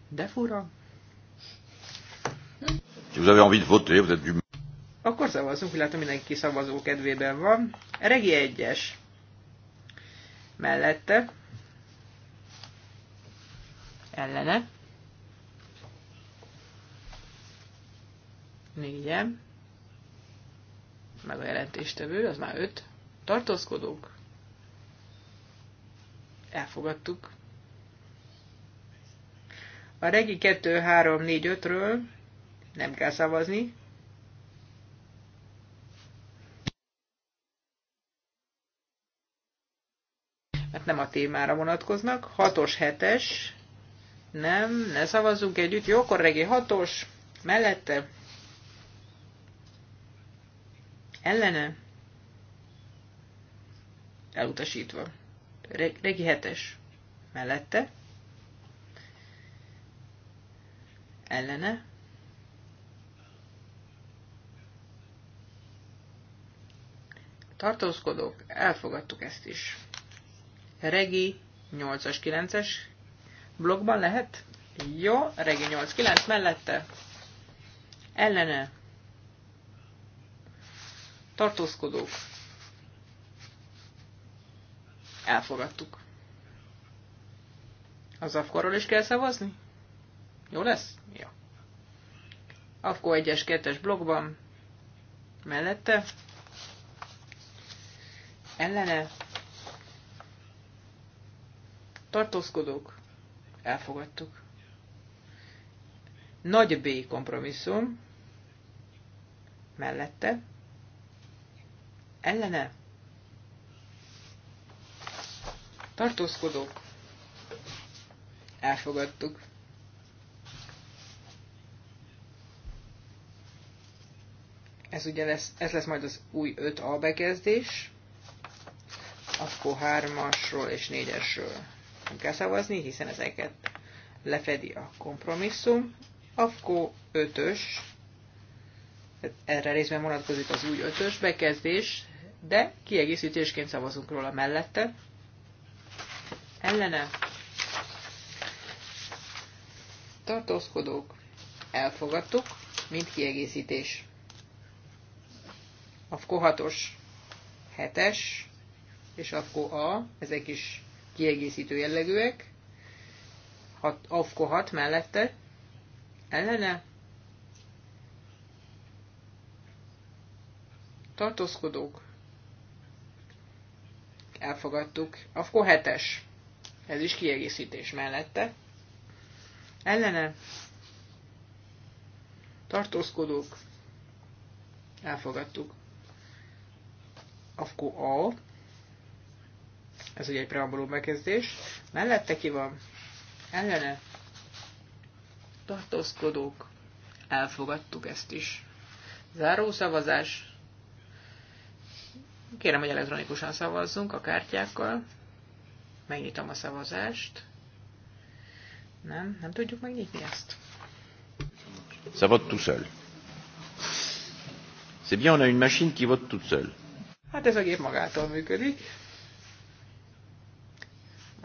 S4: De fura
S1: vous avez envie de voter, vous êtes du...
S4: Akkor szavazunk, hogy látom, mindenki szavazó kedvében van. Regi 1-es mellette. Ellene. Négyen. Meg a jelentéstevő, az már öt. Tartózkodók. Elfogadtuk. A regi 2, 3, 4, 5-ről nem kell szavazni. Mert hát nem a témára vonatkoznak. 6-os, 7-es. Nem, ne szavazzunk együtt. Jó, akkor regé 6-os. Mellette. Ellene. Elutasítva. Regi 7-es. Mellette. Ellene tartózkodók, elfogadtuk ezt is. Regi 8-as, 9-es blokkban lehet? Jó, Regi 8-9 mellette. Ellene tartózkodók. Elfogadtuk. Az afkorról is kell szavazni? Jó lesz? Jó. Ja. Afko 1-es, 2-es blokkban mellette ellene tartózkodók, elfogadtuk. Nagy B kompromisszum, mellette, ellene tartózkodók, elfogadtuk. Ez ugye lesz, ez lesz majd az új 5A bekezdés akkor 3-asról és 4-esről nem kell szavazni, hiszen ezeket lefedi a kompromisszum. Akkor 5-ös, erre részben vonatkozik az új 5-ös bekezdés, de kiegészítésként szavazunk róla mellette. Ellene tartózkodók elfogadtuk, mint kiegészítés. A 6-os, 7-es, és AFKO A, ezek is kiegészítő jellegűek. Hat, AFKO 6 mellette, ellene, tartózkodók, elfogadtuk. AFKO 7-es, ez is kiegészítés mellette, ellene, tartózkodók, elfogadtuk. AFKO A, ez ugye egy preambuló bekezdés. Mellette ki van? Ellene? Tartózkodók. Elfogadtuk ezt is. Záró szavazás. Kérem, hogy elektronikusan szavazzunk a kártyákkal. Megnyitom a szavazást. Nem, nem tudjuk megnyitni ezt.
S1: Ça vote tout seul. C'est bien, on a une machine qui vote toute seule.
S4: Hát ez a gép magától működik.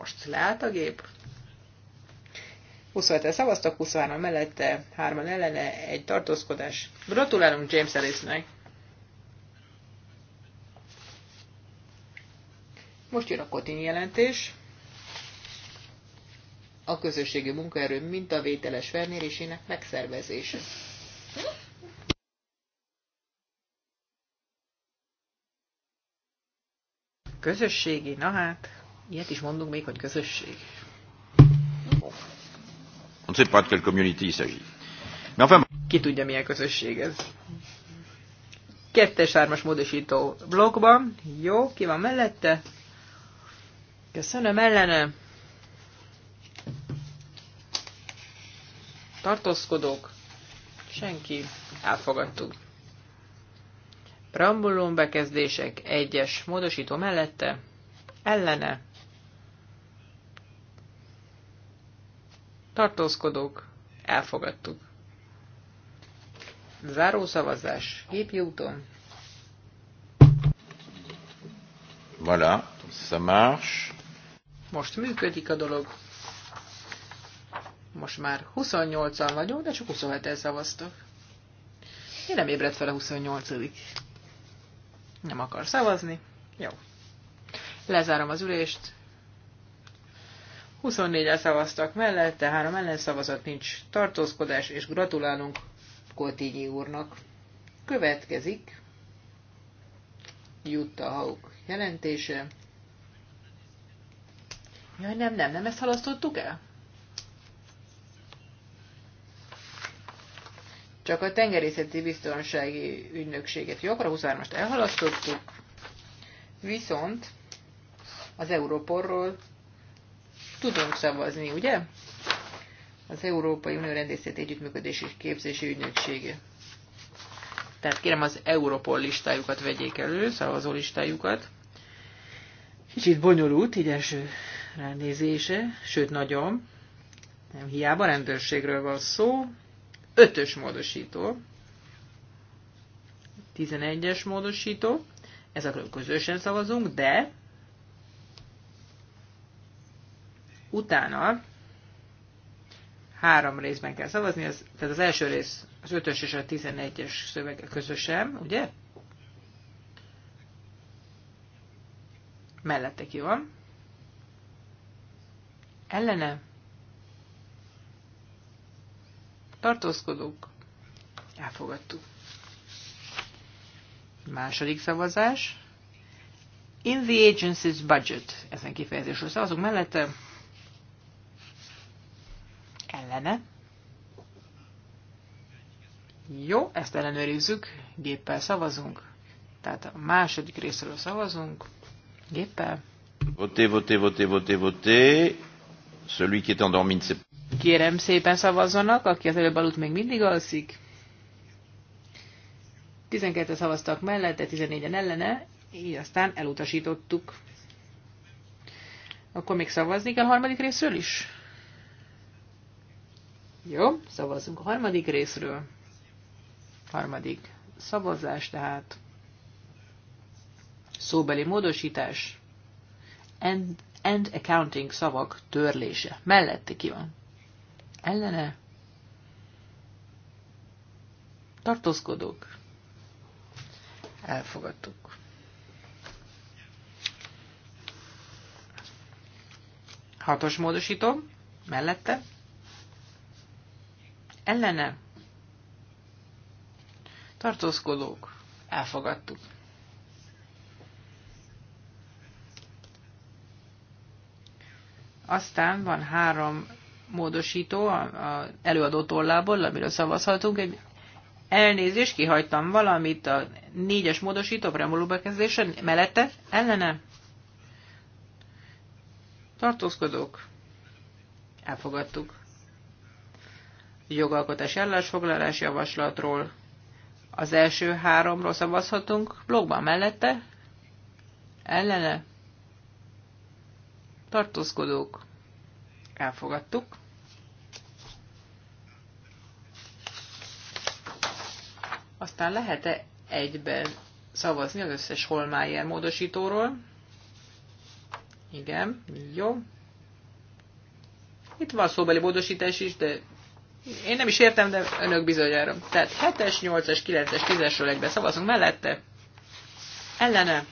S4: Most leállt a gép. 25 en szavaztak, 23 mellette, 3 ellene, egy tartózkodás. Gratulálunk James Ellisnek! Most jön a Kotin jelentés. A közösségi munkaerő mintavételes felmérésének megszervezése. Közösségi, na hát, Ilyet is mondunk még, hogy közösség.
S1: On ne sait pas de quelle community il s'agit.
S4: Mais enfin... Ki tudja, milyen közösség ez? Kettes, hármas módosító blokkban. Jó, ki van mellette? Köszönöm ellene. Tartózkodók. Senki. Elfogadtuk. Prambulum bekezdések egyes módosító mellette. Ellene. tartózkodók, elfogadtuk. Záró szavazás, gépi úton.
S1: Voilà, ça
S4: marche. Most működik a dolog. Most már 28-an vagyunk, de csak 27-en szavaztak. Én nem ébredt fel a 28 -dik. Nem akar szavazni? Jó. Lezárom az ülést, 24 el szavaztak mellette, három szavazat nincs tartózkodás, és gratulálunk Koltényi úrnak. Következik Jutta Hauk jelentése. Jaj, nem, nem, nem ezt halasztottuk el? Csak a tengerészeti biztonsági ügynökséget jobbra 23-ast elhalasztottuk, viszont az Európorról tudunk szavazni, ugye? Az Európai Unió Rendészet Együttműködés és Képzési Ügynöksége. Tehát kérem az Europol listájukat vegyék elő, szavazó listájukat. Kicsit bonyolult, így első ránézése, sőt nagyon. Nem hiába rendőrségről van szó. Ötös módosító. 11-es módosító. Ezekről közösen szavazunk, de Utána három részben kell szavazni, az, tehát az első rész az 5-ös és a 11-es szöveg közösen, ugye? Mellette ki van. Ellene tartózkodók, elfogadtuk. Második szavazás. In the agency's budget, ezen kifejezésről szavazunk mellette, ellene. Jó, ezt ellenőrizzük, géppel szavazunk. Tehát a második részről szavazunk, géppel.
S1: Voté, voté, voté, voté, voté. Celui qui est endormi ne
S4: Kérem szépen szavazzanak, aki az előbb aludt még mindig alszik. 12 szavaztak mellette, 14-en ellene, így aztán elutasítottuk. Akkor még szavazni kell a harmadik részről is? Jó, szavazzunk a harmadik részről. Harmadik szavazás, tehát szóbeli módosítás, and, and accounting szavak törlése. Mellette ki van. Ellene tartózkodók. Elfogadtuk. Hatos módosítom, mellette ellene tartózkodók elfogadtuk. Aztán van három módosító az előadó tollából, amiről szavazhatunk. Egy elnézést, kihagytam valamit a négyes módosító remoló bekezdése mellette, ellene. Tartózkodók. Elfogadtuk jogalkotási ellensfoglalás javaslatról. Az első háromról szavazhatunk, blogban mellette, ellene, tartózkodók, elfogadtuk. Aztán lehet-e egyben szavazni az összes Holmájer módosítóról? Igen, jó. Itt van szóbeli módosítás is, de én nem is értem, de önök bizonyára. Tehát 7-es, 8-es, 9-es, 10 es rölegbe szavazunk mellette. Ellene.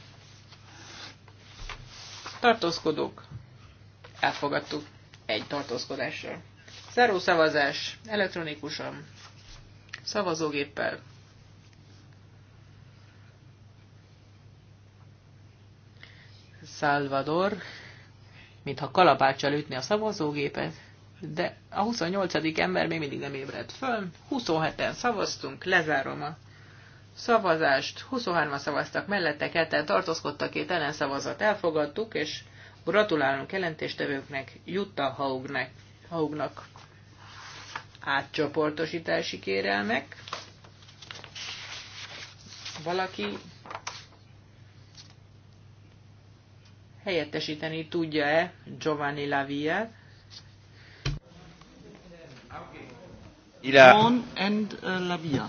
S4: Tartózkodók. Elfogadtuk egy tartózkodással. Záró szavazás elektronikusan. Szavazógéppel. Salvador, mintha kalapáccsal ütni a szavazógépet de a 28. ember még mindig nem ébredt föl. 27-en szavaztunk, lezárom a szavazást. 23-an szavaztak mellette, ketten tartózkodtak, két ellenszavazat elfogadtuk, és gratulálunk jelentéstevőknek, Jutta Haugnek, Haugnak átcsoportosítási kérelmek. Valaki helyettesíteni tudja-e Giovanni Lavia-t? Il a... and uh, Oké,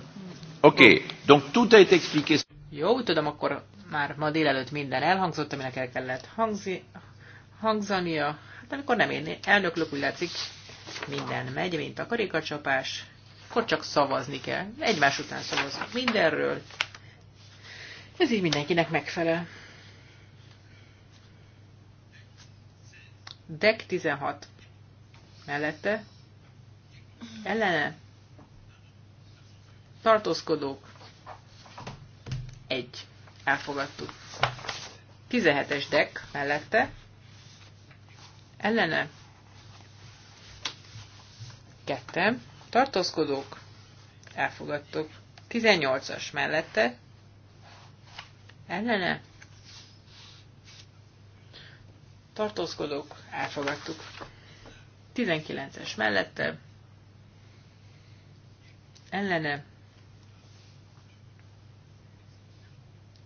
S1: okay. donc tout a été expliqué.
S4: Jó, tudom, akkor már ma délelőtt minden elhangzott, aminek el kellett hangzi, hangzania. Hát amikor nem én elnöklök, úgy látszik, minden megy, mint a karikacsapás. Akkor csak szavazni kell. Egymás után szavazunk mindenről. Ez így mindenkinek megfelel. Deck 16. Mellette ellene tartózkodók egy elfogadtuk. 17-es deck mellette ellene kettő tartózkodók elfogadtuk. 18-as mellette ellene tartózkodók elfogadtuk. 19-es mellette ellene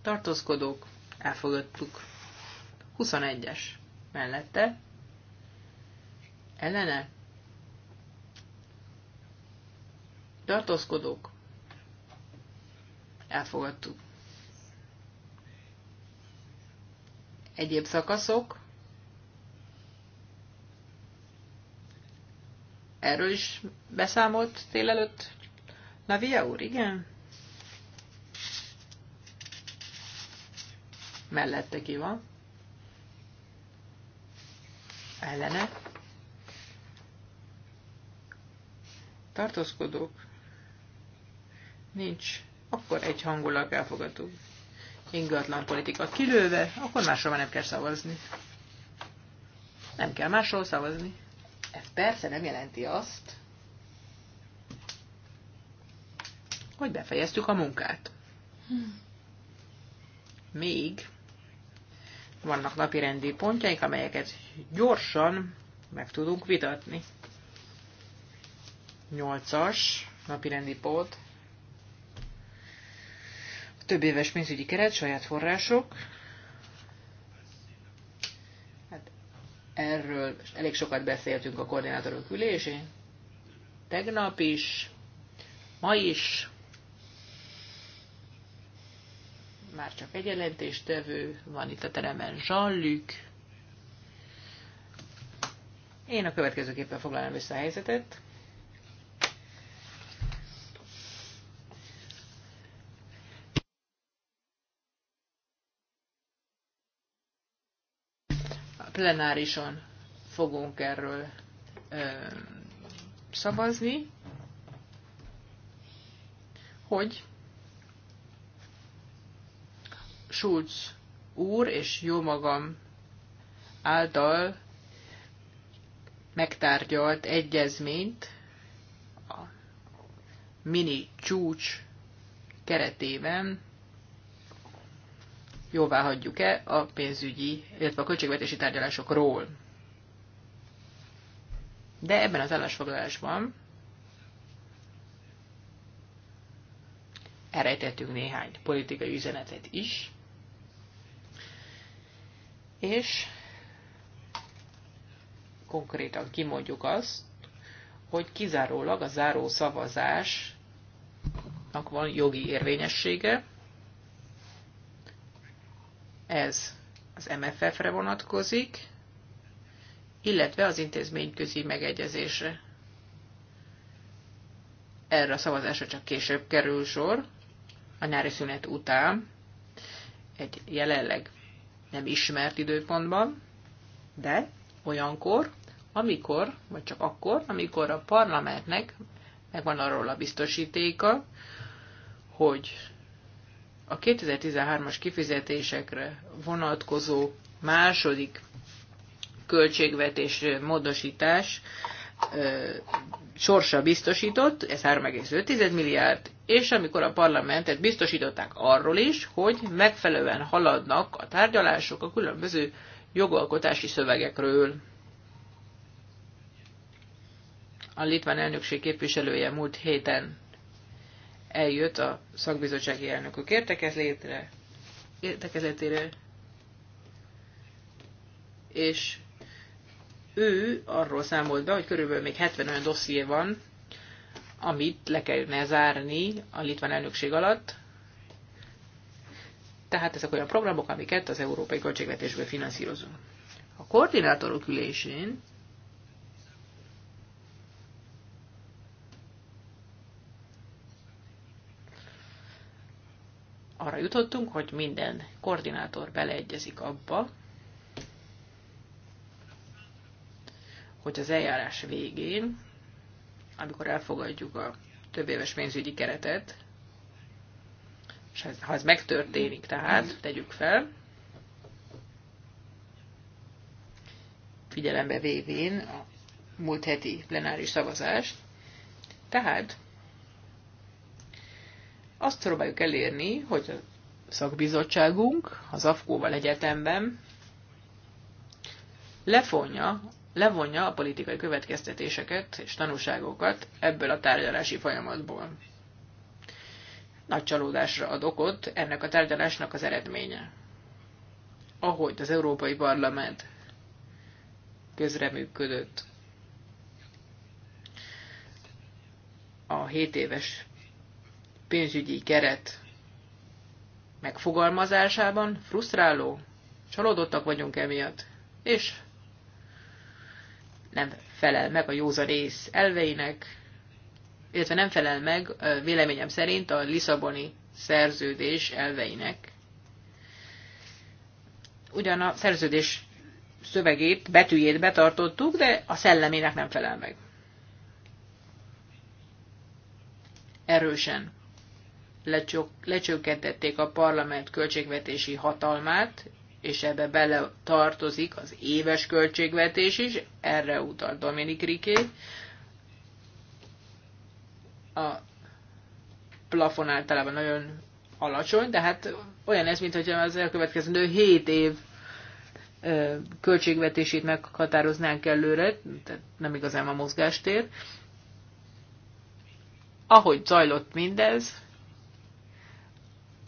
S4: tartózkodók, elfogadtuk. 21-es mellette ellene tartózkodók, elfogadtuk. Egyéb szakaszok, erről is beszámolt délelőtt Lavia úr, igen. Mellette ki van. Ellene. Tartózkodók. Nincs. Akkor egy hangulag elfogadó ingatlan politika kilőve, akkor másról már nem kell szavazni. Nem kell másról szavazni. Ez persze nem jelenti azt, hogy befejeztük a munkát. Még vannak napi rendi pontjaik, amelyeket gyorsan meg tudunk vitatni. 8-as napi rendi pont. Több éves pénzügyi keret, saját források. Hát erről elég sokat beszéltünk a koordinátorok ülésén. Tegnap is, ma is, már csak egy jelentéstevő, van itt a teremben Jean-Luc. Én a következőképpen foglalnám össze a helyzetet. A plenárison fogunk erről ö, szavazni, hogy Schulz úr és jó magam által megtárgyalt egyezményt a mini csúcs keretében jóvá hagyjuk-e a pénzügyi, illetve a költségvetési tárgyalásokról. De ebben az állásfoglalásban elrejtettünk néhány politikai üzenetet is és konkrétan kimondjuk azt, hogy kizárólag a záró szavazásnak van jogi érvényessége. Ez az MFF-re vonatkozik, illetve az intézményközi megegyezésre. Erre a szavazásra csak később kerül sor, a nyári szünet után, egy jelenleg nem ismert időpontban, de olyankor, amikor, vagy csak akkor, amikor a parlamentnek megvan arról a biztosítéka, hogy a 2013-as kifizetésekre vonatkozó második költségvetés módosítás sorsa biztosított, ez 3,5 milliárd, és amikor a parlamentet biztosították arról is, hogy megfelelően haladnak a tárgyalások a különböző jogalkotási szövegekről. A litván elnökség képviselője múlt héten eljött a szakbizottsági elnökök értekezletére, és ő arról számolt be, hogy körülbelül még 70 olyan dosszié van, amit le kellene zárni a litván elnökség alatt. Tehát ezek olyan programok, amiket az európai költségvetésből finanszírozunk. A koordinátorok ülésén arra jutottunk, hogy minden koordinátor beleegyezik abba, hogy az eljárás végén, amikor elfogadjuk a több éves pénzügyi keretet, és ha ez megtörténik, tehát tegyük fel, figyelembe vévén a múlt heti plenáris szavazást, tehát azt próbáljuk elérni, hogy a szakbizottságunk az AFKÓ-val egyetemben lefonja levonja a politikai következtetéseket és tanúságokat ebből a tárgyalási folyamatból. Nagy csalódásra ad okot ennek a tárgyalásnak az eredménye. Ahogy az Európai Parlament közreműködött a 7 éves pénzügyi keret megfogalmazásában, frusztráló, csalódottak vagyunk emiatt, és nem felel meg a rész elveinek, illetve nem felel meg véleményem szerint a Lisszaboni szerződés elveinek. Ugyan a szerződés szövegét, betűjét betartottuk, de a szellemének nem felel meg. Erősen lecsökkentették a parlament költségvetési hatalmát, és ebbe bele tartozik az éves költségvetés is, erre utal Dominik Riké. A plafon általában nagyon alacsony, de hát olyan ez, mintha az elkövetkező 7 év költségvetését meghatároznánk előre, tehát nem igazán a mozgástér. Ahogy zajlott mindez,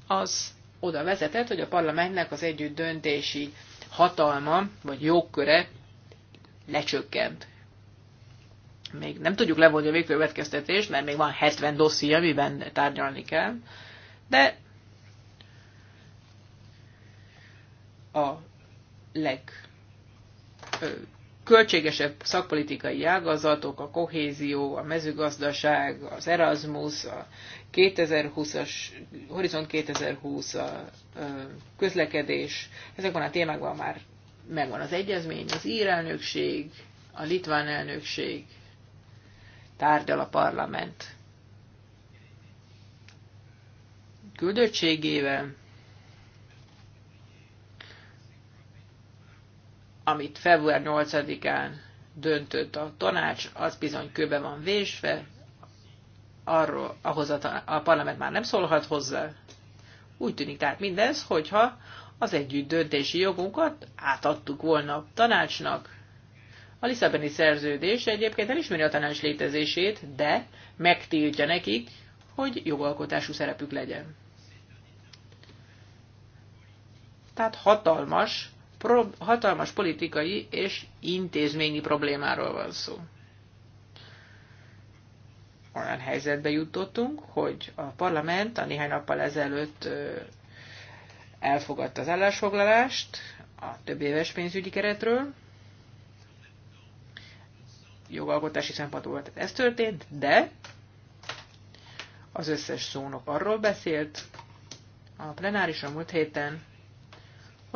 S4: az oda vezetett, hogy a parlamentnek az együtt döntési hatalma vagy jogköre lecsökkent. Még nem tudjuk levonni a végkövetkeztetést, mert még van 70 dosszi, amiben tárgyalni kell, de a leg költségesebb szakpolitikai ágazatok, a kohézió, a mezőgazdaság, az Erasmus, a 2020-as, Horizont 2020, a közlekedés, ezekben a témákban már megvan az egyezmény, az ír elnökség, a litván elnökség, tárgyal a parlament küldöttségével, amit február 8-án döntött a tanács, az bizony kőbe van vésve, arról, ahhoz a, a parlament már nem szólhat hozzá. Úgy tűnik tehát mindez, hogyha az együtt döntési jogunkat átadtuk volna a tanácsnak. A Lisszaboni szerződés egyébként elismeri a tanács létezését, de megtiltja nekik, hogy jogalkotású szerepük legyen. Tehát hatalmas hatalmas politikai és intézményi problémáról van szó. Olyan helyzetbe jutottunk, hogy a parlament a néhány nappal ezelőtt elfogadta az állásfoglalást a több éves pénzügyi keretről, jogalkotási szempontból ez történt, de az összes szónok arról beszélt a plenáris múlt héten,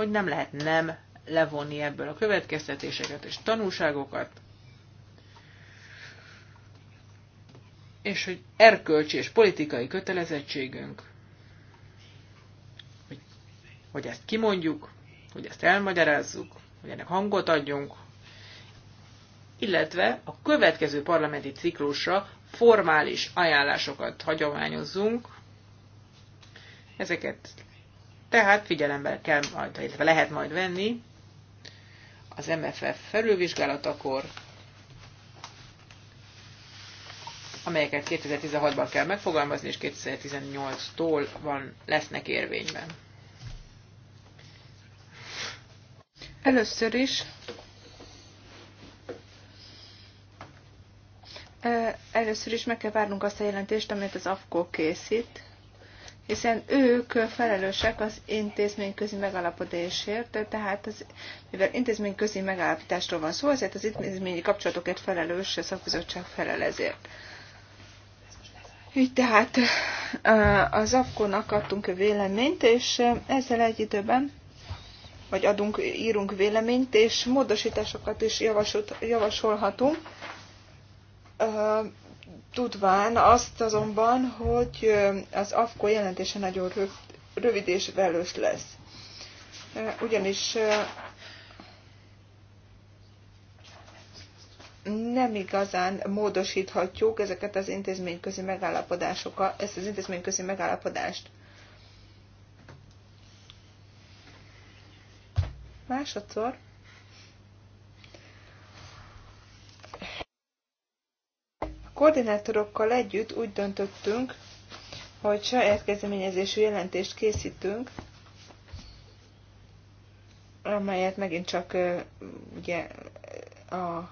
S4: hogy nem lehet nem levonni ebből a következtetéseket és tanulságokat, és hogy erkölcsi és politikai kötelezettségünk, hogy, hogy ezt kimondjuk, hogy ezt elmagyarázzuk, hogy ennek hangot adjunk, illetve a következő parlamenti ciklusra formális ajánlásokat hagyományozzunk. Ezeket tehát figyelembe kell majd, illetve lehet majd venni az MFF felülvizsgálatakor, amelyeket 2016-ban kell megfogalmazni, és 2018-tól van, lesznek érvényben.
S2: Először is Először is meg kell várnunk azt a jelentést, amit az AFKO készít hiszen ők felelősek az intézményközi megalapodásért, tehát az, mivel intézményközi megállapításról van szó, ezért az intézményi kapcsolatokért felelős a szakbizottság felel ezért. Így tehát az AFKO-nak adtunk véleményt, és ezzel egy időben vagy adunk, írunk véleményt, és módosításokat is javasolt, javasolhatunk Tudván azt azonban, hogy az AFKO jelentése nagyon rövid és velős lesz. Ugyanis nem igazán módosíthatjuk ezeket az intézményközi megállapodásokat, ezt az intézményközi megállapodást. Másodszor. koordinátorokkal együtt úgy döntöttünk, hogy saját kezdeményezésű jelentést készítünk, amelyet megint csak ugye a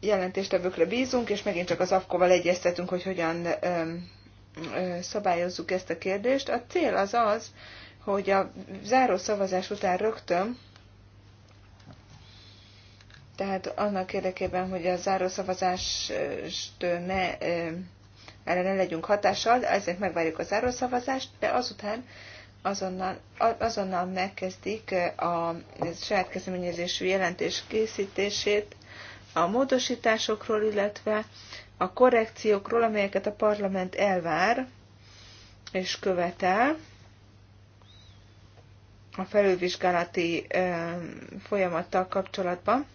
S2: jelentéstevőkre bízunk, és megint csak az AFKO-val egyeztetünk, hogy hogyan szabályozzuk ezt a kérdést. A cél az az, hogy a záró szavazás után rögtön tehát annak érdekében, hogy a zárószavazást ne, erre ne legyünk hatással, ezért megvárjuk a zárószavazást, de azután azonnal, azonnal megkezdik a saját kezdeményezésű jelentés készítését a módosításokról, illetve a korrekciókról, amelyeket a parlament elvár és követel a felülvizsgálati folyamattal kapcsolatban.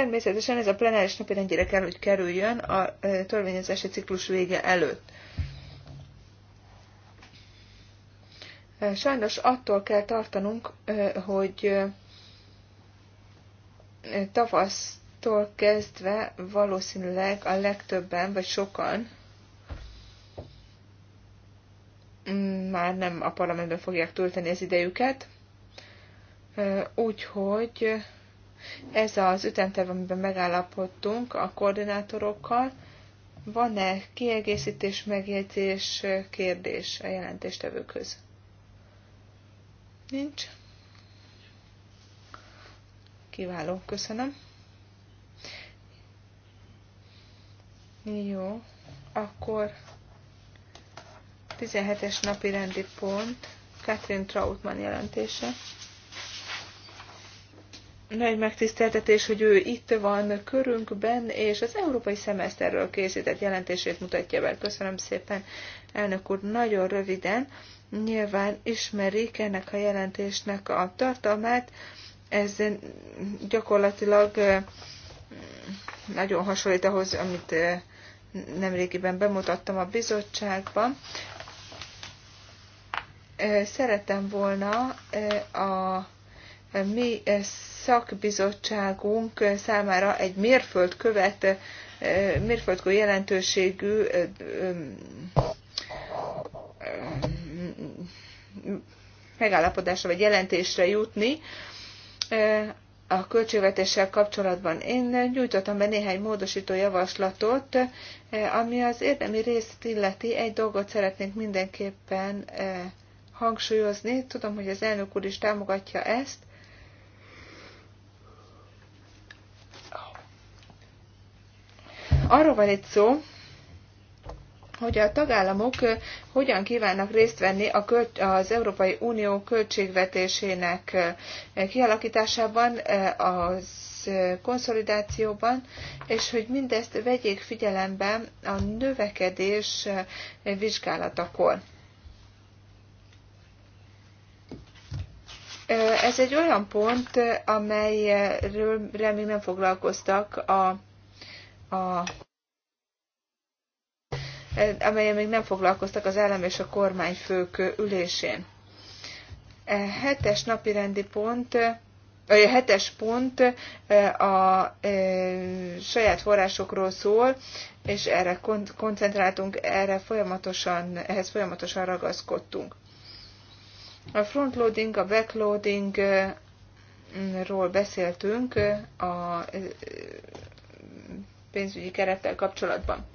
S2: Természetesen ez a plenáris napi rendjére kell, hogy kerüljön a törvényezési ciklus vége előtt. Sajnos attól kell tartanunk, hogy tavasztól kezdve valószínűleg a legtöbben, vagy sokan mm, már nem a parlamentben fogják tölteni az idejüket. Úgyhogy ez az ütemterv, amiben megállapodtunk a koordinátorokkal, van-e kiegészítés, megjegyzés, kérdés a jelentéstevőkhöz? Nincs. Kiváló, köszönöm. Jó, akkor 17-es napi rendi pont, Katrin Trautmann jelentése nagy megtiszteltetés, hogy ő itt van körünkben, és az európai szemeszterről készített jelentését mutatja be. Köszönöm szépen, elnök úr, nagyon röviden. Nyilván ismerik ennek a jelentésnek a tartalmát. Ez gyakorlatilag nagyon hasonlít ahhoz, amit nemrégiben bemutattam a bizottságban. Szeretem volna a mi szakbizottságunk számára egy mérföldkövet, mérföldkő jelentőségű megállapodásra vagy jelentésre jutni a költségvetéssel kapcsolatban. Én nyújtottam be néhány módosító javaslatot, ami az érdemi részt illeti. Egy dolgot szeretnénk mindenképpen hangsúlyozni. Tudom, hogy az elnök úr is támogatja ezt. Arról van itt szó, hogy a tagállamok hogyan kívánnak részt venni az Európai Unió költségvetésének kialakításában, az konszolidációban, és hogy mindezt vegyék figyelembe a növekedés vizsgálatakor. Ez egy olyan pont, amelyről még nem foglalkoztak a a amelyen még nem foglalkoztak az állam és a kormányfők ülésén. E, hetes napi rendi pont, a e, hetes pont e, a saját forrásokról szól, és erre koncentráltunk, erre folyamatosan, ehhez folyamatosan ragaszkodtunk. A frontloading, a backloadingról beszéltünk a pénzügyi kerettel kapcsolatban.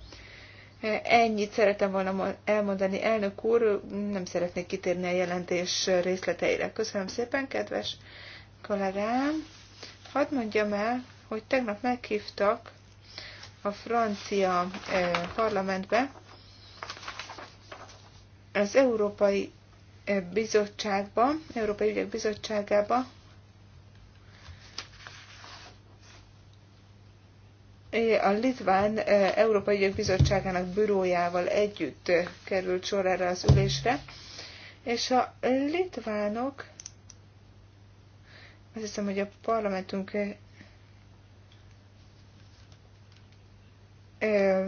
S2: Ennyit szeretem volna elmondani, elnök úr, nem szeretnék kitérni a jelentés részleteire. Köszönöm szépen, kedves kollégám. Hadd mondjam el, hogy tegnap meghívtak a francia parlamentbe az Európai Bizottságba, Európai Ügyek Bizottságába a Litván e, Európai Ügyek Bizottságának bürójával együtt e, került sor erre az ülésre, és a litvánok, azt hiszem, hogy a parlamentünk e,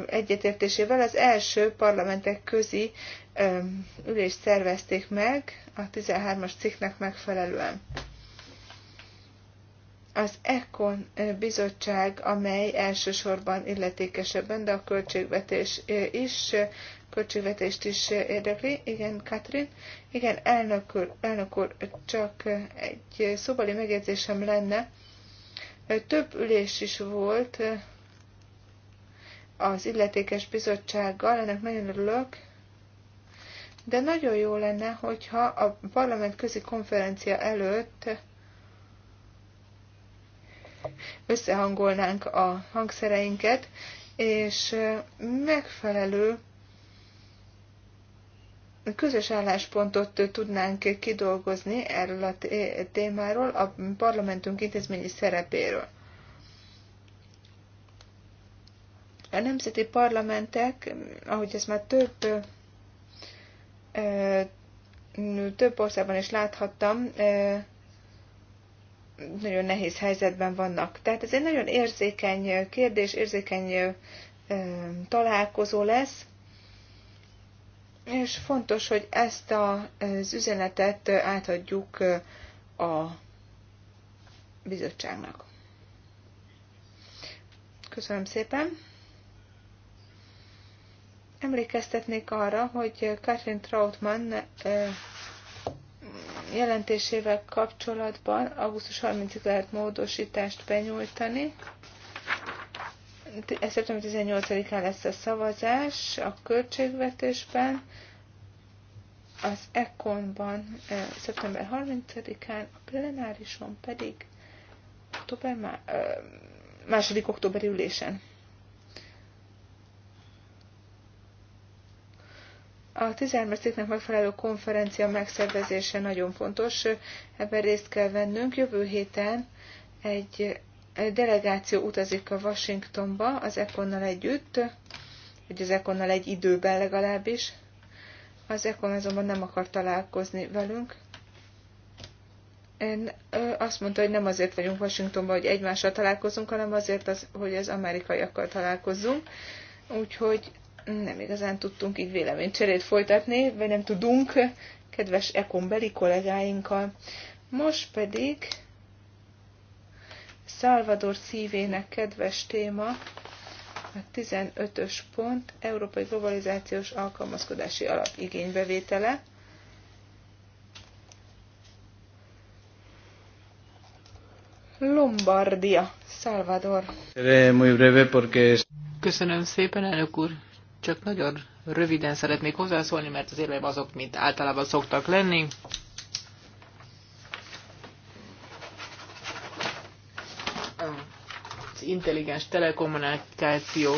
S2: egyetértésével az első parlamentek közi ülést szervezték meg a 13-as cikknek megfelelően az ECON bizottság, amely elsősorban illetékesebben, de a költségvetés is, költségvetést is érdekli. Igen, Katrin. Igen, elnök úr, elnök úr csak egy szobali megjegyzésem lenne. Több ülés is volt az illetékes bizottsággal, ennek nagyon örülök, de nagyon jó lenne, hogyha a parlament közi konferencia előtt összehangolnánk a hangszereinket, és megfelelő közös álláspontot tudnánk kidolgozni erről a témáról, a parlamentünk intézményi szerepéről. A nemzeti parlamentek, ahogy ez már több több országban is láthattam, nagyon nehéz helyzetben vannak. Tehát ez egy nagyon érzékeny kérdés, érzékeny találkozó lesz, és fontos, hogy ezt az üzenetet átadjuk a bizottságnak. Köszönöm szépen! Emlékeztetnék arra, hogy Katrin Trautmann jelentésével kapcsolatban augusztus 30-ig lehet módosítást benyújtani. Szeptember 18-án lesz a szavazás a költségvetésben, az ECON-ban eh, szeptember 30-án, a plenárison pedig október, eh, második októberi ülésen. A 13. cikknek megfelelő konferencia megszervezése nagyon fontos, ebben részt kell vennünk. Jövő héten egy delegáció utazik a Washingtonba az Econnal együtt, vagy az Econnal egy időben legalábbis. Az Econ azonban nem akar találkozni velünk. Én azt mondta, hogy nem azért vagyunk Washingtonban, hogy egymással találkozunk, hanem azért, az, hogy az amerikaiakkal találkozzunk. Úgyhogy nem igazán tudtunk így véleménycserét folytatni, vagy nem tudunk kedves ekonbeli kollégáinkkal. Most pedig Salvador szívének kedves téma, a 15-ös pont, Európai Globalizációs Alkalmazkodási Alap igénybevétele. Lombardia, Salvador.
S4: Köszönöm szépen, elnök úr. Csak nagyon röviden szeretnék hozzászólni, mert az érveim azok, mint általában szoktak lenni. Az intelligens telekommunikáció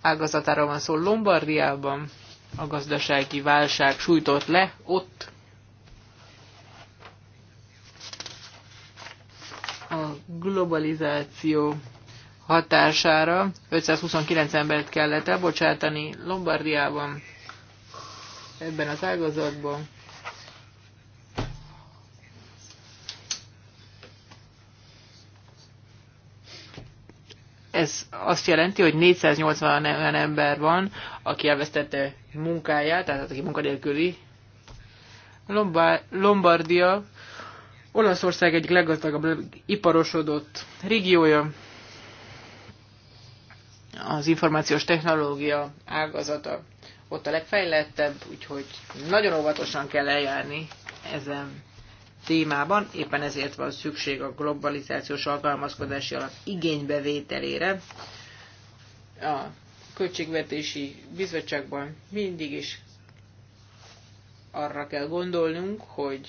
S4: ágazatára van szó Lombardiában. A gazdasági válság sújtott le ott. A globalizáció hatására 529 embert kellett elbocsátani Lombardiában, ebben az ágazatban. Ez azt jelenti, hogy 480 ember van, aki elvesztette munkáját, tehát aki munkanélküli. Lombardia Olaszország egyik leggazdagabb iparosodott régiója, az információs technológia ágazata ott a legfejlettebb, úgyhogy nagyon óvatosan kell eljárni ezen témában, éppen ezért van szükség a globalizációs alkalmazkodási alap igénybevételére. A költségvetési bizottságban mindig is arra kell gondolnunk, hogy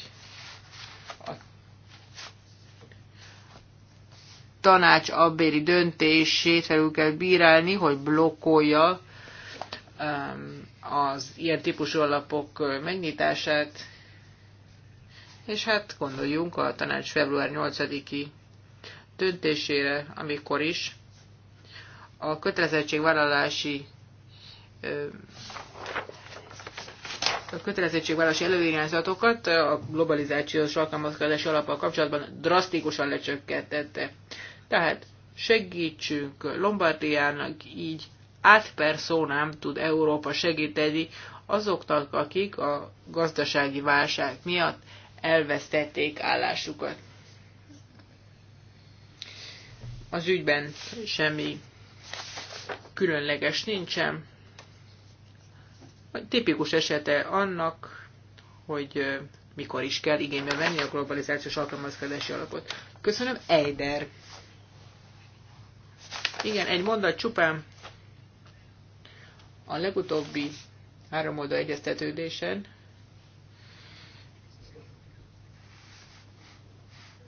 S4: tanács abbéri döntését felül kell bírálni, hogy blokkolja um, az ilyen típusú alapok megnyitását, és hát gondoljunk a tanács február 8-i döntésére, amikor is a kötelezettségvállalási um, a kötelezettségvállalási előirányzatokat a globalizációs alkalmazkodási alapok kapcsolatban drasztikusan lecsökkentette. Tehát segítsünk Lombardiának így át tud Európa segíteni azoknak, akik a gazdasági válság miatt elvesztették állásukat. Az ügyben semmi különleges nincsen. A tipikus esete annak, hogy mikor is kell igénybe venni a globalizációs alkalmazkodási alapot. Köszönöm, Eider! Igen, egy mondat csupán a legutóbbi három oldal egyeztetődésen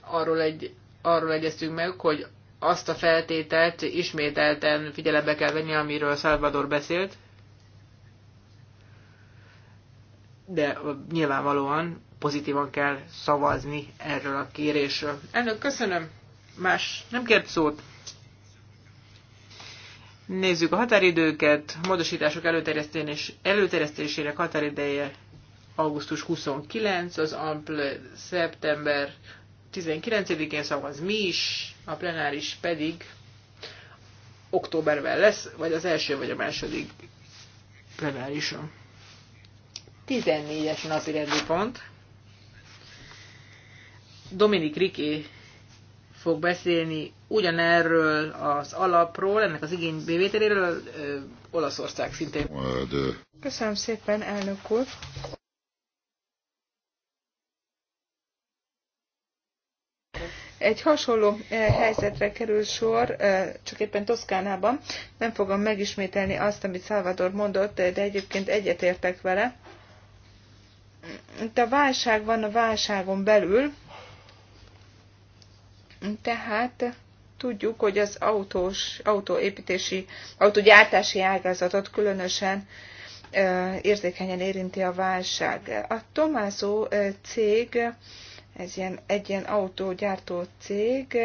S4: arról, egy, arról egyeztünk meg, hogy azt a feltételt ismételten figyelembe kell venni, amiről Salvador beszélt, de nyilvánvalóan pozitívan kell szavazni erről a kérésről. Elnök, köszönöm. Más nem kért szót. Nézzük a határidőket. Módosítások előterjesztésének határideje augusztus 29, az ampl szeptember 19-én szavaz mi is, a plenáris pedig októberben lesz, vagy az első, vagy a második plenárison. 14-es napi rendi pont. Dominik Riké fog beszélni ugyanerről az alapról, ennek az bévételéről, Olaszország szintén.
S2: Köszönöm szépen, elnök úr! Egy hasonló eh, helyzetre kerül sor, eh, csak éppen Toszkánában. Nem fogom megismételni azt, amit Salvador mondott, de egyébként egyetértek vele. Itt a válság van a válságon belül, tehát tudjuk, hogy az autós, autóépítési, autógyártási ágazatot különösen érzékenyen érinti a válság. A Tomászó cég, ez ilyen, egy ilyen autógyártó cég,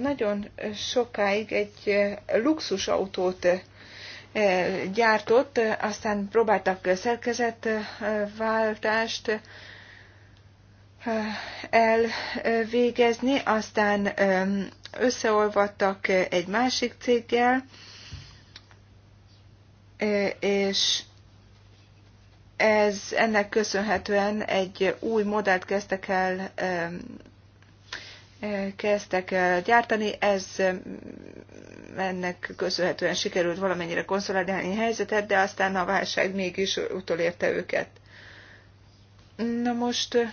S2: nagyon sokáig egy luxus autót gyártott, aztán próbáltak szerkezetváltást elvégezni, aztán összeolvadtak egy másik céggel, és ez ennek köszönhetően egy új modellt kezdtek el kezdtek el gyártani, ez ennek köszönhetően sikerült valamennyire konszolidálni a helyzetet, de aztán a válság mégis utolérte őket. Na most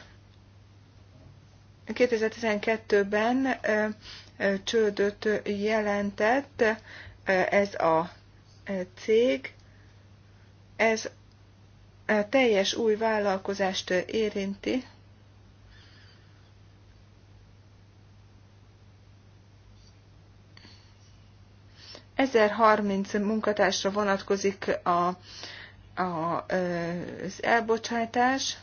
S2: 2012-ben csődöt jelentett ez a cég. Ez a teljes új vállalkozást érinti. Ezer harminc munkatársra vonatkozik a, a, az elbocsátás.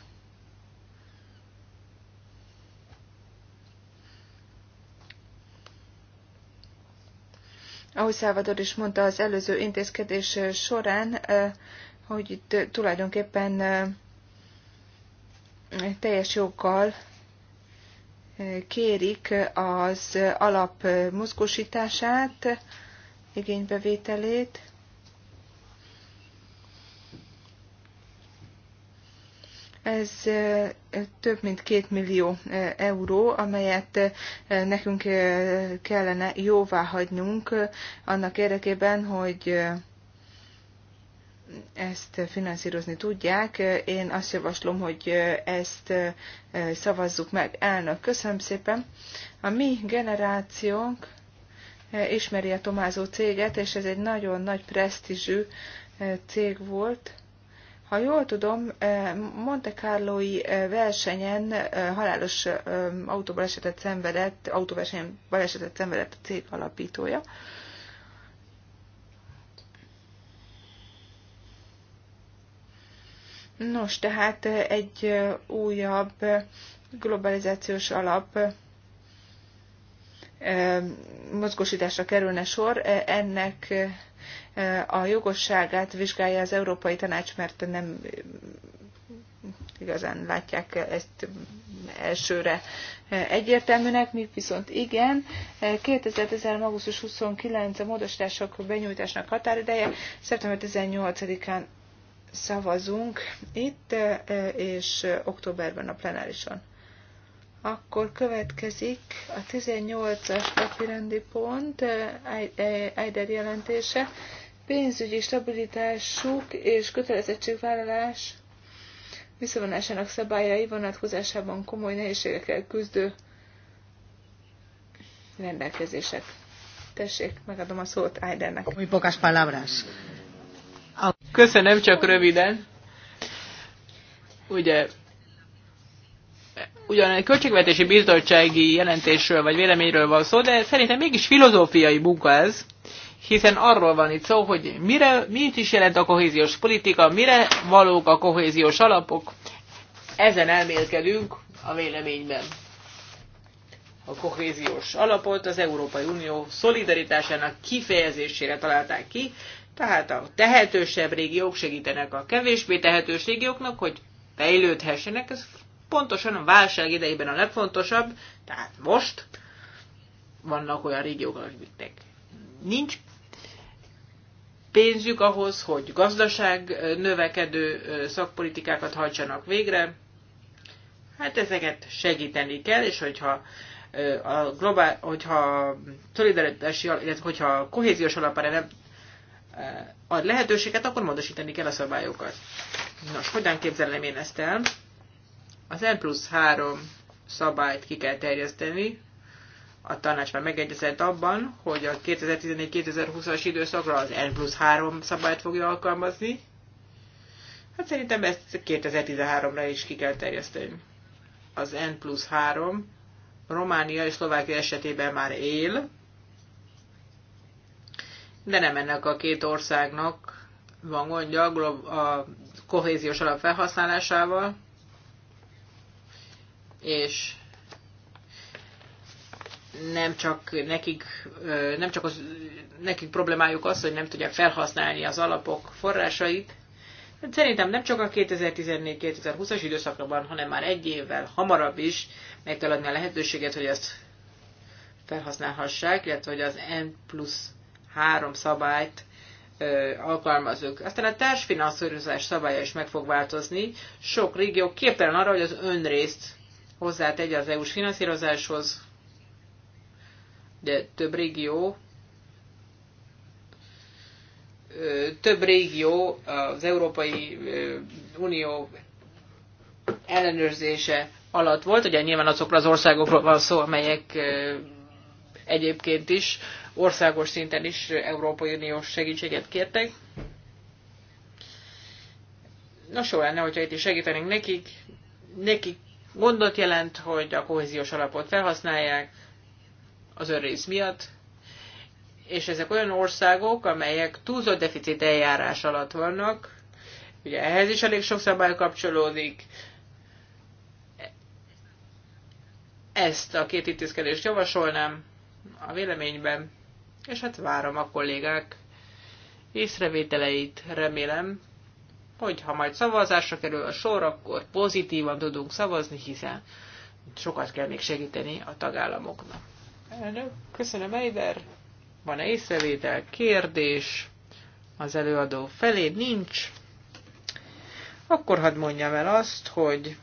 S2: Ahogy Szávador is mondta az előző intézkedés során, hogy itt tulajdonképpen teljes joggal kérik az alap mozgósítását, igénybevételét, Ez több mint két millió euró, amelyet nekünk kellene jóvá hagynunk annak érdekében, hogy ezt finanszírozni tudják. Én azt javaslom, hogy ezt szavazzuk meg. Elnök, köszönöm szépen. A mi generációnk ismeri a Tomázó céget, és ez egy nagyon nagy presztízsű cég volt. Ha jól tudom, eh, Monte Carlo-i eh, versenyen eh, halálos autóbalesetet szenvedett, autóversenyen balesetet szenvedett a cég alapítója. Nos, tehát egy újabb globalizációs alap mozgósításra kerülne sor. Ennek a jogosságát vizsgálja az Európai Tanács, mert nem igazán látják ezt elsőre egyértelműnek, mi viszont igen. 2010. augusztus 29 a módosítások benyújtásnak határideje, szeptember 18-án szavazunk itt, és októberben a plenárison. Akkor következik a 18-as napirendi pont, Eider jelentése pénzügyi stabilitásuk és kötelezettségvállalás visszavonásának szabályai vonatkozásában komoly nehézségekkel küzdő rendelkezések. Tessék, megadom a szót Aidennek. Muy pocas palabras. Köszönöm, csak röviden.
S4: Ugye, ugyan egy költségvetési bizottsági jelentésről vagy véleményről van szó, de szerintem mégis filozófiai munka ez hiszen arról van itt szó, hogy mire, mit is jelent a kohéziós politika, mire valók a kohéziós alapok, ezen elmélkedünk a véleményben. A kohéziós alapot az Európai Unió szolidaritásának kifejezésére találták ki, tehát a tehetősebb régiók segítenek a kevésbé tehetős régióknak, hogy fejlődhessenek. Ez pontosan a válság idejében a legfontosabb, tehát most vannak olyan régiók, akiknek nincs pénzük ahhoz, hogy gazdaság növekedő szakpolitikákat hajtsanak végre. Hát ezeket segíteni kell, és hogyha a globál, hogyha szolidaritási, illetve hogyha a kohéziós alapára nem ad lehetőséget, akkor módosítani kell a szabályokat. Nos, hogyan képzelem én ezt el? Az N plusz 3 szabályt ki kell terjeszteni, a tanács már megegyezett abban, hogy a 2014-2020-as időszakra az N plusz 3 szabályt fogja alkalmazni. Hát szerintem ezt 2013-ra is ki kell terjeszteni. Az N plusz 3 Románia és Szlovákia esetében már él, de nem ennek a két országnak van gondja a kohéziós alap felhasználásával, és nem csak nekik, nem csak az, nekik problémájuk az, hogy nem tudják felhasználni az alapok forrásait. Szerintem nem csak a 2014-2020-as időszakra van, hanem már egy évvel hamarabb is meg kell adni a lehetőséget, hogy ezt felhasználhassák, illetve hogy az N plusz 3 szabályt alkalmazunk. Aztán a társfinanszírozás szabálya is meg fog változni. Sok régió képtelen arra, hogy az önrészt hozzátegye az EU-s finanszírozáshoz, de több régió több régió az Európai Unió ellenőrzése alatt volt, ugye nyilván azokra az országokról van szó, amelyek egyébként is országos szinten is Európai Uniós segítséget kértek. Nos, jó lenne, hogyha itt is segítenénk nekik. Nekik gondot jelent, hogy a kohéziós alapot felhasználják, az önrész miatt, és ezek olyan országok, amelyek túlzott deficit eljárás alatt vannak, ugye ehhez is elég sok szabály kapcsolódik, ezt a két intézkedést javasolnám a véleményben, és hát várom a kollégák észrevételeit, remélem, hogy ha majd szavazásra kerül a sor, akkor pozitívan tudunk szavazni, hiszen sokat kell még segíteni a tagállamoknak. Elnök, köszönöm, Eider. Van-e észrevétel, kérdés az előadó felé? Nincs. Akkor hadd mondjam el azt, hogy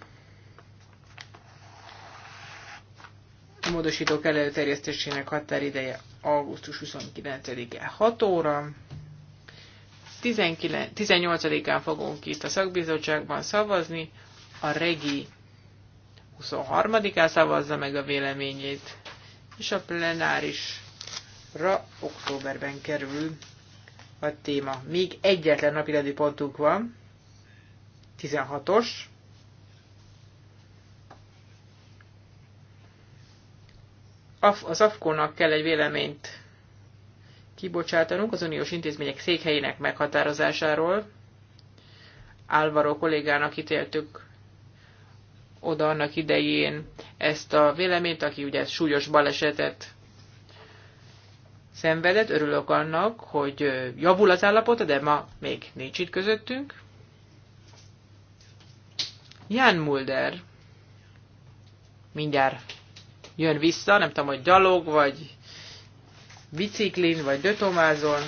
S4: a módosítók előterjesztésének határideje augusztus 29-e 6 óra. 18-án fogunk itt a szakbizottságban szavazni, a regi 23-án szavazza meg a véleményét és a plenárisra októberben kerül a téma. Még egyetlen napirendi pontunk van, 16-os. Az AFKO-nak kell egy véleményt kibocsátanunk az uniós intézmények székhelyének meghatározásáról. Álvaro kollégának ítéltük oda annak idején ezt a véleményt, aki ugye súlyos balesetet szenvedett. Örülök annak, hogy javul az állapota, de ma még nincs itt közöttünk. Jan Mulder mindjárt jön vissza, nem tudom, hogy gyalog, vagy biciklin, vagy dötomázon.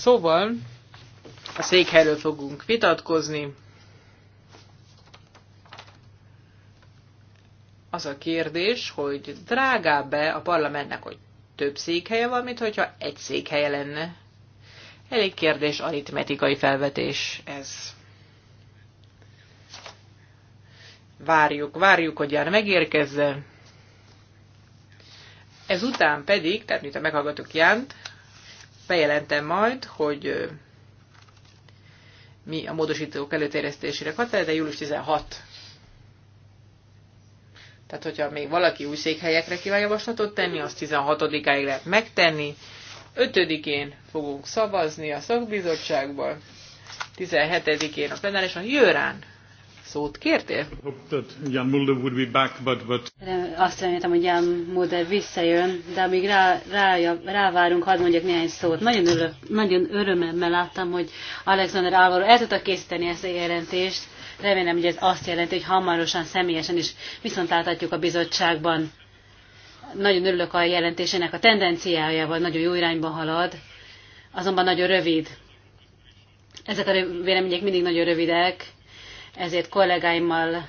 S4: Szóval a székhelyről fogunk vitatkozni. Az a kérdés, hogy drágább-e a parlamentnek, hogy több székhelye van, mint hogyha egy székhelye lenne. Elég kérdés, aritmetikai felvetés ez. Várjuk, várjuk, hogy jár megérkezzen. Ezután pedig, tehát mint a meghallgatók Jánt, bejelentem majd, hogy mi a módosítók előterjesztésére határ, de július 16. Tehát, hogyha még valaki új székhelyekre kíván javaslatot tenni, azt 16-áig lehet megtenni. 5-én fogunk szavazni a szakbizottságban, 17-én a a jőrán
S3: szót kértél?
S1: Jan Mulder would be back, but, but...
S3: Azt reméltem, hogy Jan Mulder visszajön, de amíg rá, rá, rávárunk, hadd mondjak néhány szót. Nagyon, öröm, nagyon örömmel láttam, hogy Alexander Álvaro el tudta készíteni ezt a jelentést. Remélem, hogy ez azt jelenti, hogy hamarosan személyesen is viszont láthatjuk a bizottságban. Nagyon örülök a jelentésének a tendenciájával, nagyon jó irányba halad, azonban nagyon rövid. Ezek a vélemények mindig nagyon rövidek, ezért kollégáimmal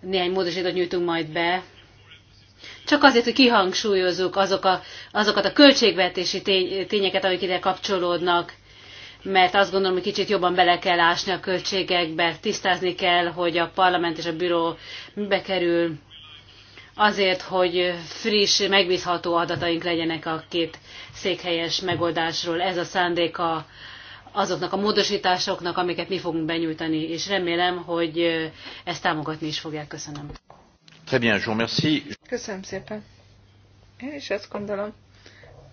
S3: néhány módosítót nyújtunk majd be. Csak azért, hogy kihangsúlyozzuk azok a, azokat a költségvetési tény, tényeket, amik ide kapcsolódnak, mert azt gondolom, hogy kicsit jobban bele kell ásni a költségekbe, tisztázni kell, hogy a parlament és a büró mibe kerül, azért, hogy friss, megbízható adataink legyenek a két székhelyes megoldásról. Ez a szándéka azoknak a módosításoknak, amiket mi fogunk benyújtani, és remélem, hogy ezt támogatni is fogják. Köszönöm.
S1: Très bien,
S2: Köszönöm szépen. Én is azt gondolom,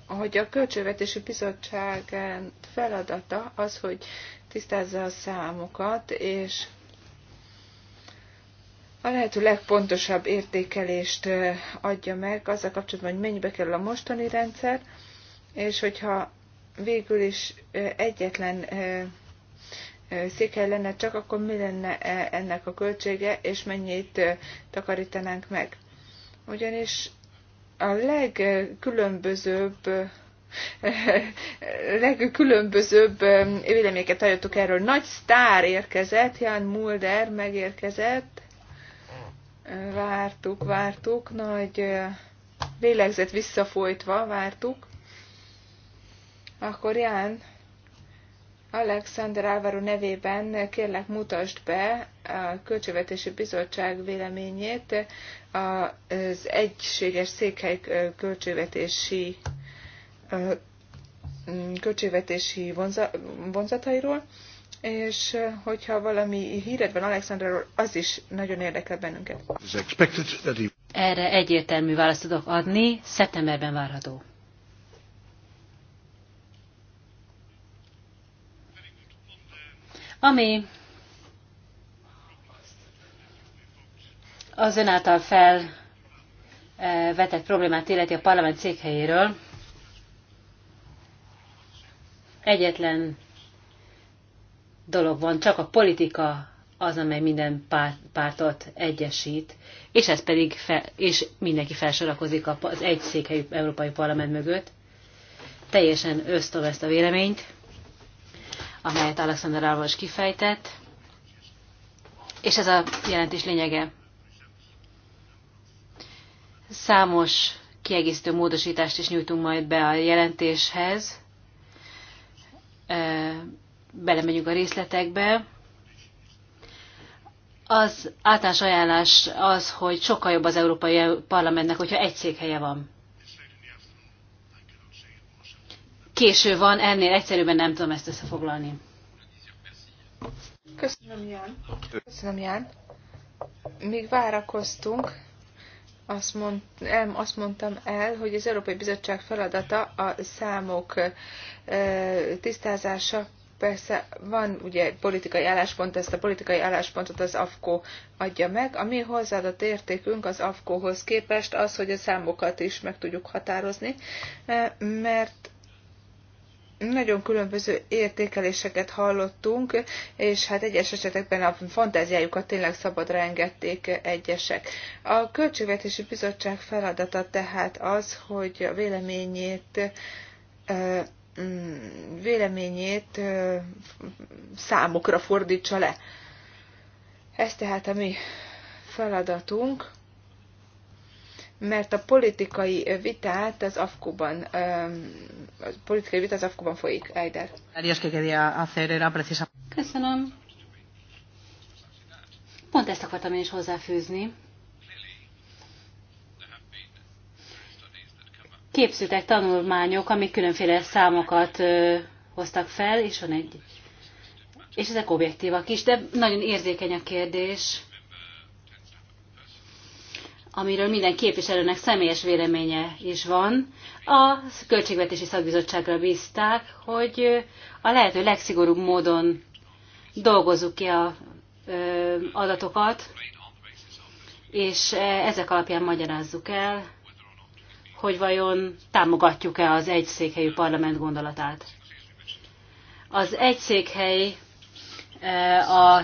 S2: hogy a Költségvetési Bizottság feladata az, hogy tisztázza a számokat, és a lehető legpontosabb értékelést adja meg azzal kapcsolatban, hogy mennyibe kerül a mostani rendszer, és hogyha végül is egyetlen székhely lenne csak, akkor mi lenne e, ennek a költsége, és mennyit takarítanánk meg. Ugyanis a legkülönbözőbb *laughs* legkülönbözőbb véleményeket hallottuk erről. Nagy sztár érkezett, Jan Mulder megérkezett. Vártuk, vártuk, nagy vélegzett visszafolytva vártuk akkor Ján Alexander Álvaro nevében kérlek mutasd be a Költségvetési Bizottság véleményét az egységes székhely költségvetési költségvetési vonza, vonzatairól, és hogyha valami híred van Alexandráról,
S3: az is nagyon érdekel bennünket. Erre egyértelmű választ tudok adni, szeptemberben várható. ami az ön által felvetett eh, problémát illeti a parlament székhelyéről. Egyetlen dolog van, csak a politika az, amely minden pártot egyesít, és ez pedig fel, és mindenki felsorakozik az egy székhelyű Európai Parlament mögött. Teljesen ösztöm ezt a véleményt amelyet Alexander Alvos kifejtett, és ez a jelentés lényege. Számos kiegészítő módosítást is nyújtunk majd be a jelentéshez, belemegyünk a részletekbe. Az általános ajánlás az, hogy sokkal jobb az Európai Parlamentnek, hogyha egy székhelye van. késő van, ennél egyszerűbben nem tudom ezt összefoglalni.
S2: Köszönöm, Ján. Köszönöm, Ján. Még várakoztunk, azt, mond, el, azt mondtam el, hogy az Európai Bizottság feladata a számok e, tisztázása. Persze van ugye politikai álláspont, ezt a politikai álláspontot az AFKO adja meg. A mi hozzáadott értékünk az AFKO-hoz képest az, hogy a számokat is meg tudjuk határozni, mert nagyon különböző értékeléseket hallottunk, és hát egyes esetekben a fantáziájukat tényleg szabadra engedték egyesek. A Költségvetési Bizottság feladata tehát az, hogy a véleményét mm, véleményét számokra fordítsa le. Ez tehát a mi feladatunk mert a politikai vitát az AFKO-ban, a politikai vita az AFKO-ban folyik, Eider.
S3: Köszönöm. Pont ezt akartam én is hozzáfűzni. Képzőtek tanulmányok, amik különféle számokat ö, hoztak fel, és van egy és ezek objektívak is, de nagyon érzékeny a kérdés amiről minden képviselőnek személyes véleménye is van. A Költségvetési Szakbizottságra bízták, hogy a lehető legszigorúbb módon dolgozzuk ki a adatokat, és ezek alapján magyarázzuk el, hogy vajon támogatjuk-e az egyszékhelyű parlament gondolatát. Az egyszékhely a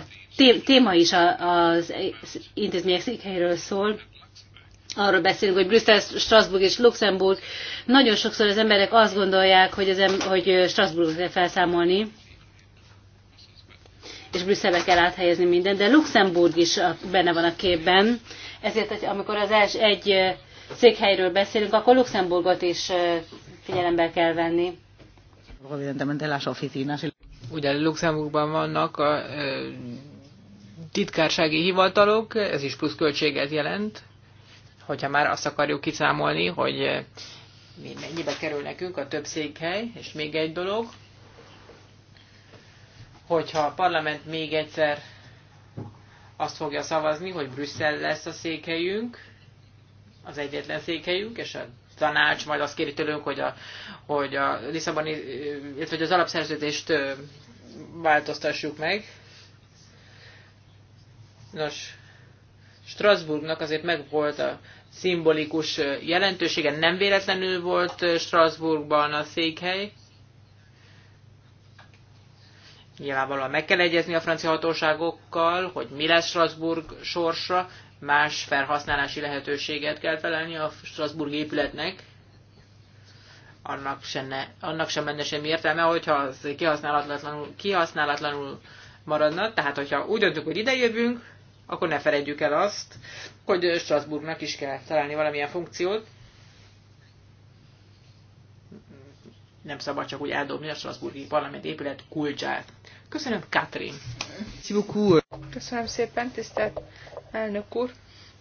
S3: téma is az intézmények székhelyről szól, arról beszélünk, hogy Brüsszel, Strasbourg és Luxemburg, nagyon sokszor az emberek azt gondolják, hogy, az em- hogy Strasbourgot kell felszámolni, és Brüsszelbe kell áthelyezni mindent, de Luxemburg is benne van a képben, ezért, hogy amikor az els, egy székhelyről beszélünk, akkor Luxemburgot is figyelembe kell venni.
S4: Ugye Luxemburgban vannak a titkársági hivatalok, ez is plusz költséget jelent, hogyha már azt akarjuk kiszámolni, hogy eh, mennyibe kerül nekünk a több székhely, és még egy dolog, hogyha a parlament még egyszer azt fogja szavazni, hogy Brüsszel lesz a székhelyünk, az egyetlen székhelyünk, és a tanács majd azt kéri tőlünk, hogy a, hogy a Lisszaboni, eh, illetve az alapszerződést eh, változtassuk meg. Nos, Strasbourgnak azért megvolt a szimbolikus jelentősége. Nem véletlenül volt Strasbourgban a székhely. Nyilvánvalóan meg kell egyezni a francia hatóságokkal, hogy mi lesz Strasbourg sorsa, más felhasználási lehetőséget kell felelni a Strasbourg épületnek. Annak sem, ne, annak sem menne semmi értelme, hogyha az kihasználatlanul, kihasználatlanul maradna. Tehát, hogyha úgy döntünk, hogy idejövünk, akkor ne felejtjük el azt, hogy Strasbourgnak is kell találni valamilyen funkciót. Nem szabad csak úgy eldobni a Strasbourgi Parlament épület kulcsát. Köszönöm, Katrin.
S2: Köszönöm szépen, tisztelt elnök úr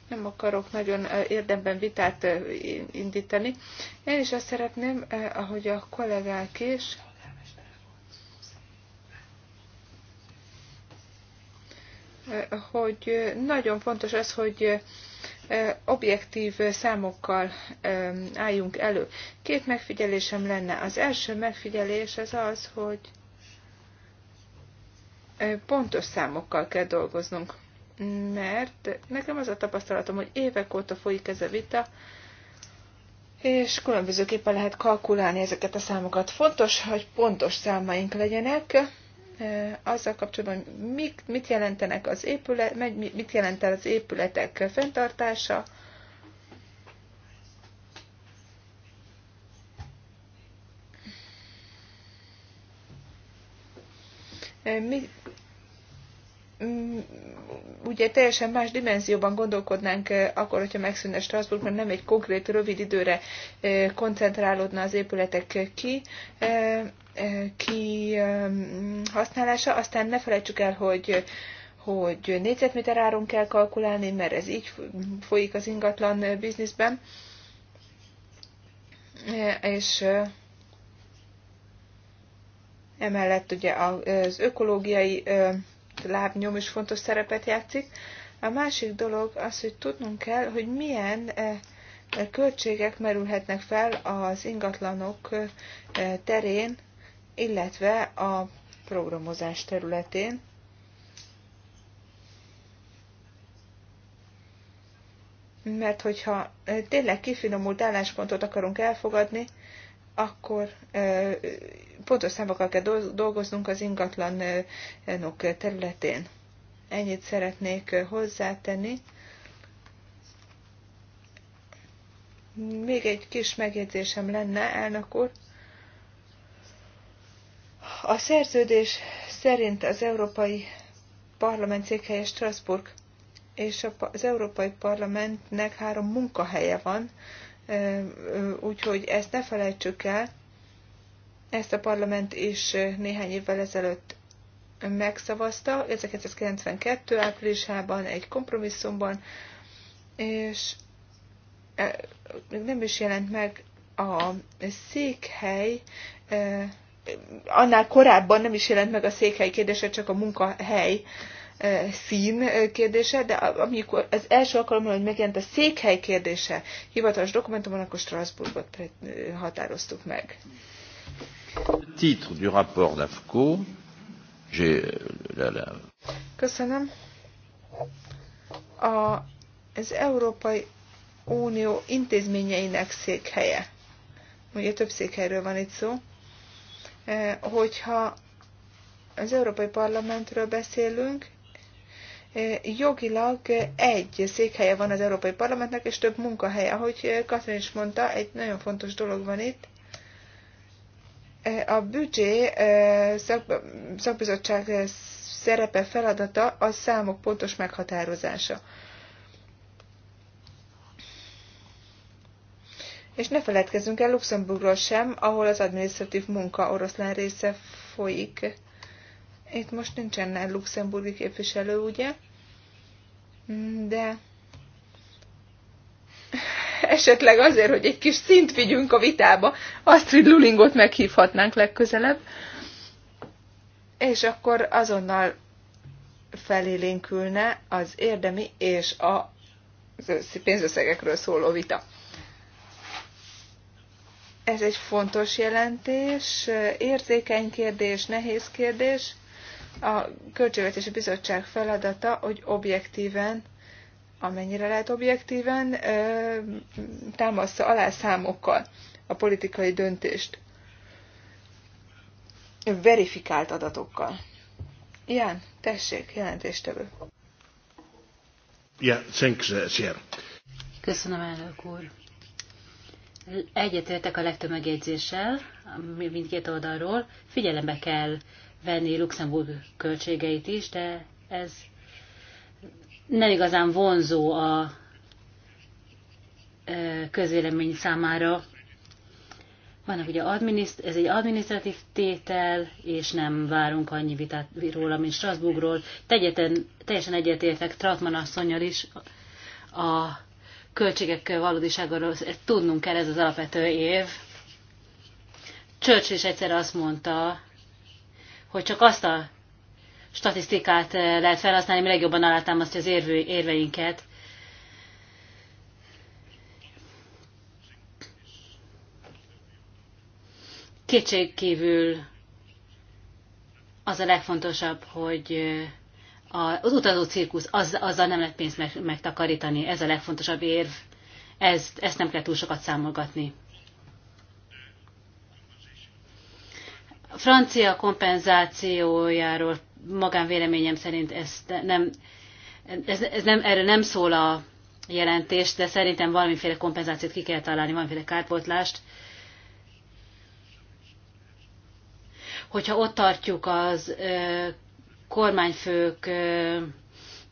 S2: nem akarok nagyon érdemben vitát indítani. Én is azt szeretném, ahogy a kollégák is, hogy nagyon fontos az, hogy objektív számokkal álljunk elő. Két megfigyelésem lenne. Az első megfigyelés az az, hogy pontos számokkal kell dolgoznunk. Mert nekem az a tapasztalatom, hogy évek óta folyik ez a vita, és különbözőképpen lehet kalkulálni ezeket a számokat. Fontos, hogy pontos számaink legyenek, azzal kapcsolatban, hogy mit, mit jelentenek az épület, mit jelent az épületek fenntartása, mi, Mm, ugye teljesen más dimenzióban gondolkodnánk eh, akkor, hogyha megszűnne Strasbourg, mert nem egy konkrét, rövid időre eh, koncentrálódna az épületek ki, eh, ki használása. Aztán ne felejtsük el, hogy hogy négyzetméter áron kell kalkulálni, mert ez így folyik az ingatlan bizniszben. És emellett ugye az ökológiai lábnyom is fontos szerepet játszik. A másik dolog az, hogy tudnunk kell, hogy milyen eh, eh, költségek merülhetnek fel az ingatlanok eh, terén, illetve a programozás területén. Mert hogyha tényleg kifinomult álláspontot akarunk elfogadni, akkor pontos számokkal kell dolgoznunk az ingatlanok területén. Ennyit szeretnék hozzátenni. Még egy kis megjegyzésem lenne, elnök úr. A szerződés szerint az Európai Parlament székhelye Strasbourg, és az Európai Parlamentnek három munkahelye van, úgyhogy ezt ne felejtsük el ezt a parlament is néhány évvel ezelőtt megszavazta, 1992. áprilisában egy kompromisszumban, és még nem is jelent meg a székhely, annál korábban nem is jelent meg a székhely kérdése, csak a munkahely szín kérdése, de amikor az első alkalommal, hogy megjelent a székhely kérdése hivatalos dokumentumon, akkor Strasbourgot határoztuk meg.
S1: Titre du rapport d'AFCO.
S2: Köszönöm. A, az Európai Unió intézményeinek székhelye. Ugye több székhelyről van itt szó. E, hogyha az Európai Parlamentről beszélünk, e, jogilag egy székhelye van az Európai Parlamentnek, és több munkahelye. Ahogy Katrin is mondta, egy nagyon fontos dolog van itt. A büdzsé szak, szakbizottság szerepe, feladata a számok pontos meghatározása. És ne feledkezzünk el Luxemburgról sem, ahol az adminisztratív munka oroszlán része folyik. Itt most nincsen luxemburgi képviselő, ugye? De esetleg azért, hogy egy kis szint vigyünk a vitába, Astrid Lulingot meghívhatnánk legközelebb, és akkor azonnal felélénkülne az érdemi és a pénzösszegekről szóló vita. Ez egy fontos jelentés, érzékeny kérdés, nehéz kérdés. A Költségvetési Bizottság feladata, hogy objektíven amennyire lehet objektíven, támasztja alá számokkal a politikai döntést. Verifikált adatokkal. Ilyen, tessék, jelentéstevő. Yeah, thanks, sir.
S3: Köszönöm, elnök úr. Egyetértek a legtöbb megjegyzéssel, mindkét oldalról. Figyelembe kell venni Luxemburg költségeit is, de ez nem igazán vonzó a közvélemény számára. Vannak ugye adminiszt, ez egy adminisztratív tétel, és nem várunk annyi vitát róla, mint Strasbourgról. Tegyeten, teljesen egyetértek Tratman asszonyjal is a költségek valódiságról, Ezt tudnunk kell, ez az alapvető év. Churchill is egyszer azt mondta, hogy csak azt a statisztikát eh, lehet felhasználni, ami legjobban alátámasztja az érvő, érveinket. Kétségkívül az a legfontosabb, hogy eh, az utazó cirkusz, az, azzal nem lehet pénzt meg, megtakarítani, ez a legfontosabb érv, ezt, ezt nem kell túl sokat számolgatni. A francia kompenzációjáról magánvéleményem szerint ez nem, ez, ez nem, erre nem szól a jelentés, de szerintem valamiféle kompenzációt ki kell találni, valamiféle kárpótlást. Hogyha ott tartjuk az ö, kormányfők ö,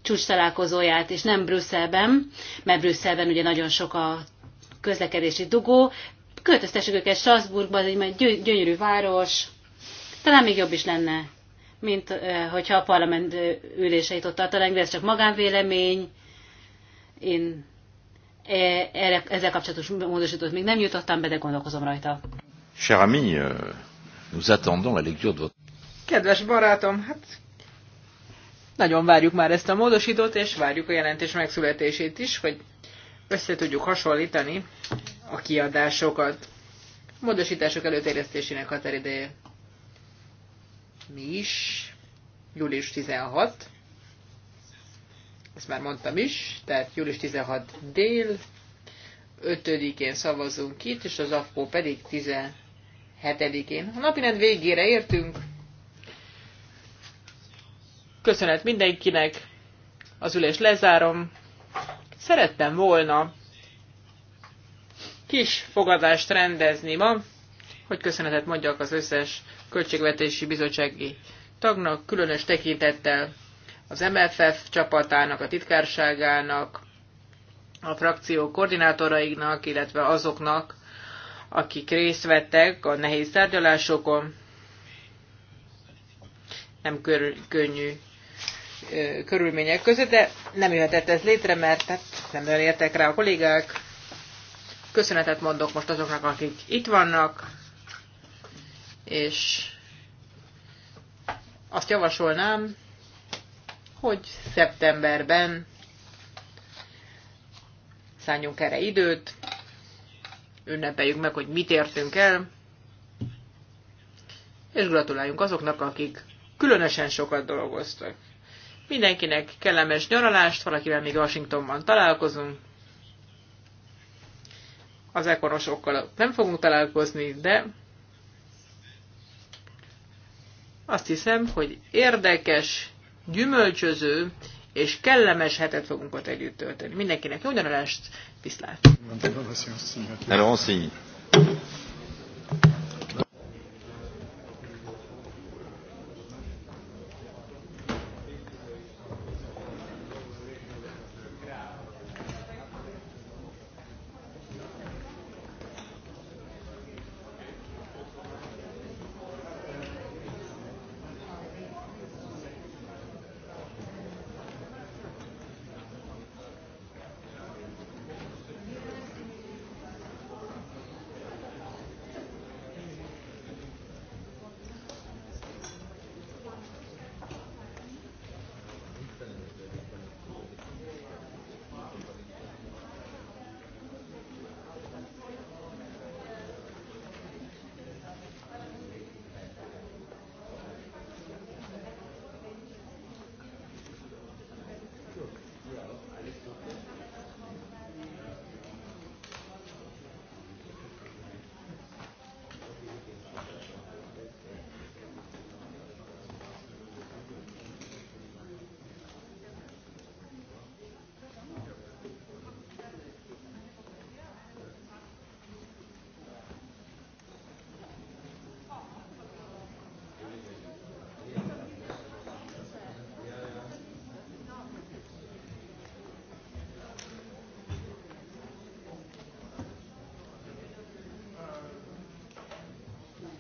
S3: csúcs találkozóját, és nem Brüsszelben, mert Brüsszelben ugye nagyon sok a közlekedési dugó, költöztessük őket Strasbourgba, ez egy gyönyörű város, talán még jobb is lenne mint eh, hogyha a parlament üléseit ott tartanánk, de ez csak magánvélemény. Én e, erre, ezzel kapcsolatos módosítót még nem jutottam be, de gondolkozom rajta.
S1: Cher ami, euh, nous attendons la lecture de votre...
S4: Kedves barátom, hát nagyon várjuk már ezt a módosítót, és várjuk a jelentés megszületését is, hogy össze tudjuk hasonlítani a kiadásokat. Módosítások előterjesztésének határideje mi is, július 16, ezt már mondtam is, tehát július 16 dél, 5-én szavazunk itt, és az apó pedig 17-én. A napirend végére értünk. Köszönet mindenkinek, az ülés lezárom. Szerettem volna kis fogadást rendezni ma hogy köszönetet mondjak az összes költségvetési bizottsági tagnak, különös tekintettel az MFF csapatának, a titkárságának, a frakció koordinátoraiknak, illetve azoknak, akik részt vettek a nehéz tárgyalásokon. Nem kör, könnyű ö, körülmények között, de nem jöhetett ez létre, mert hát nem értek rá a kollégák. Köszönetet mondok most azoknak, akik itt vannak, és azt javasolnám, hogy szeptemberben szálljunk erre időt, ünnepeljük meg, hogy mit értünk el, és gratuláljunk azoknak, akik különösen sokat dolgoztak. Mindenkinek kellemes nyaralást, valakivel még Washingtonban találkozunk. Az ekonosokkal nem fogunk találkozni, de azt hiszem, hogy érdekes, gyümölcsöző és kellemes hetet fogunk ott együtt tölteni. Mindenkinek jó nyaralást, viszlát!
S1: Alors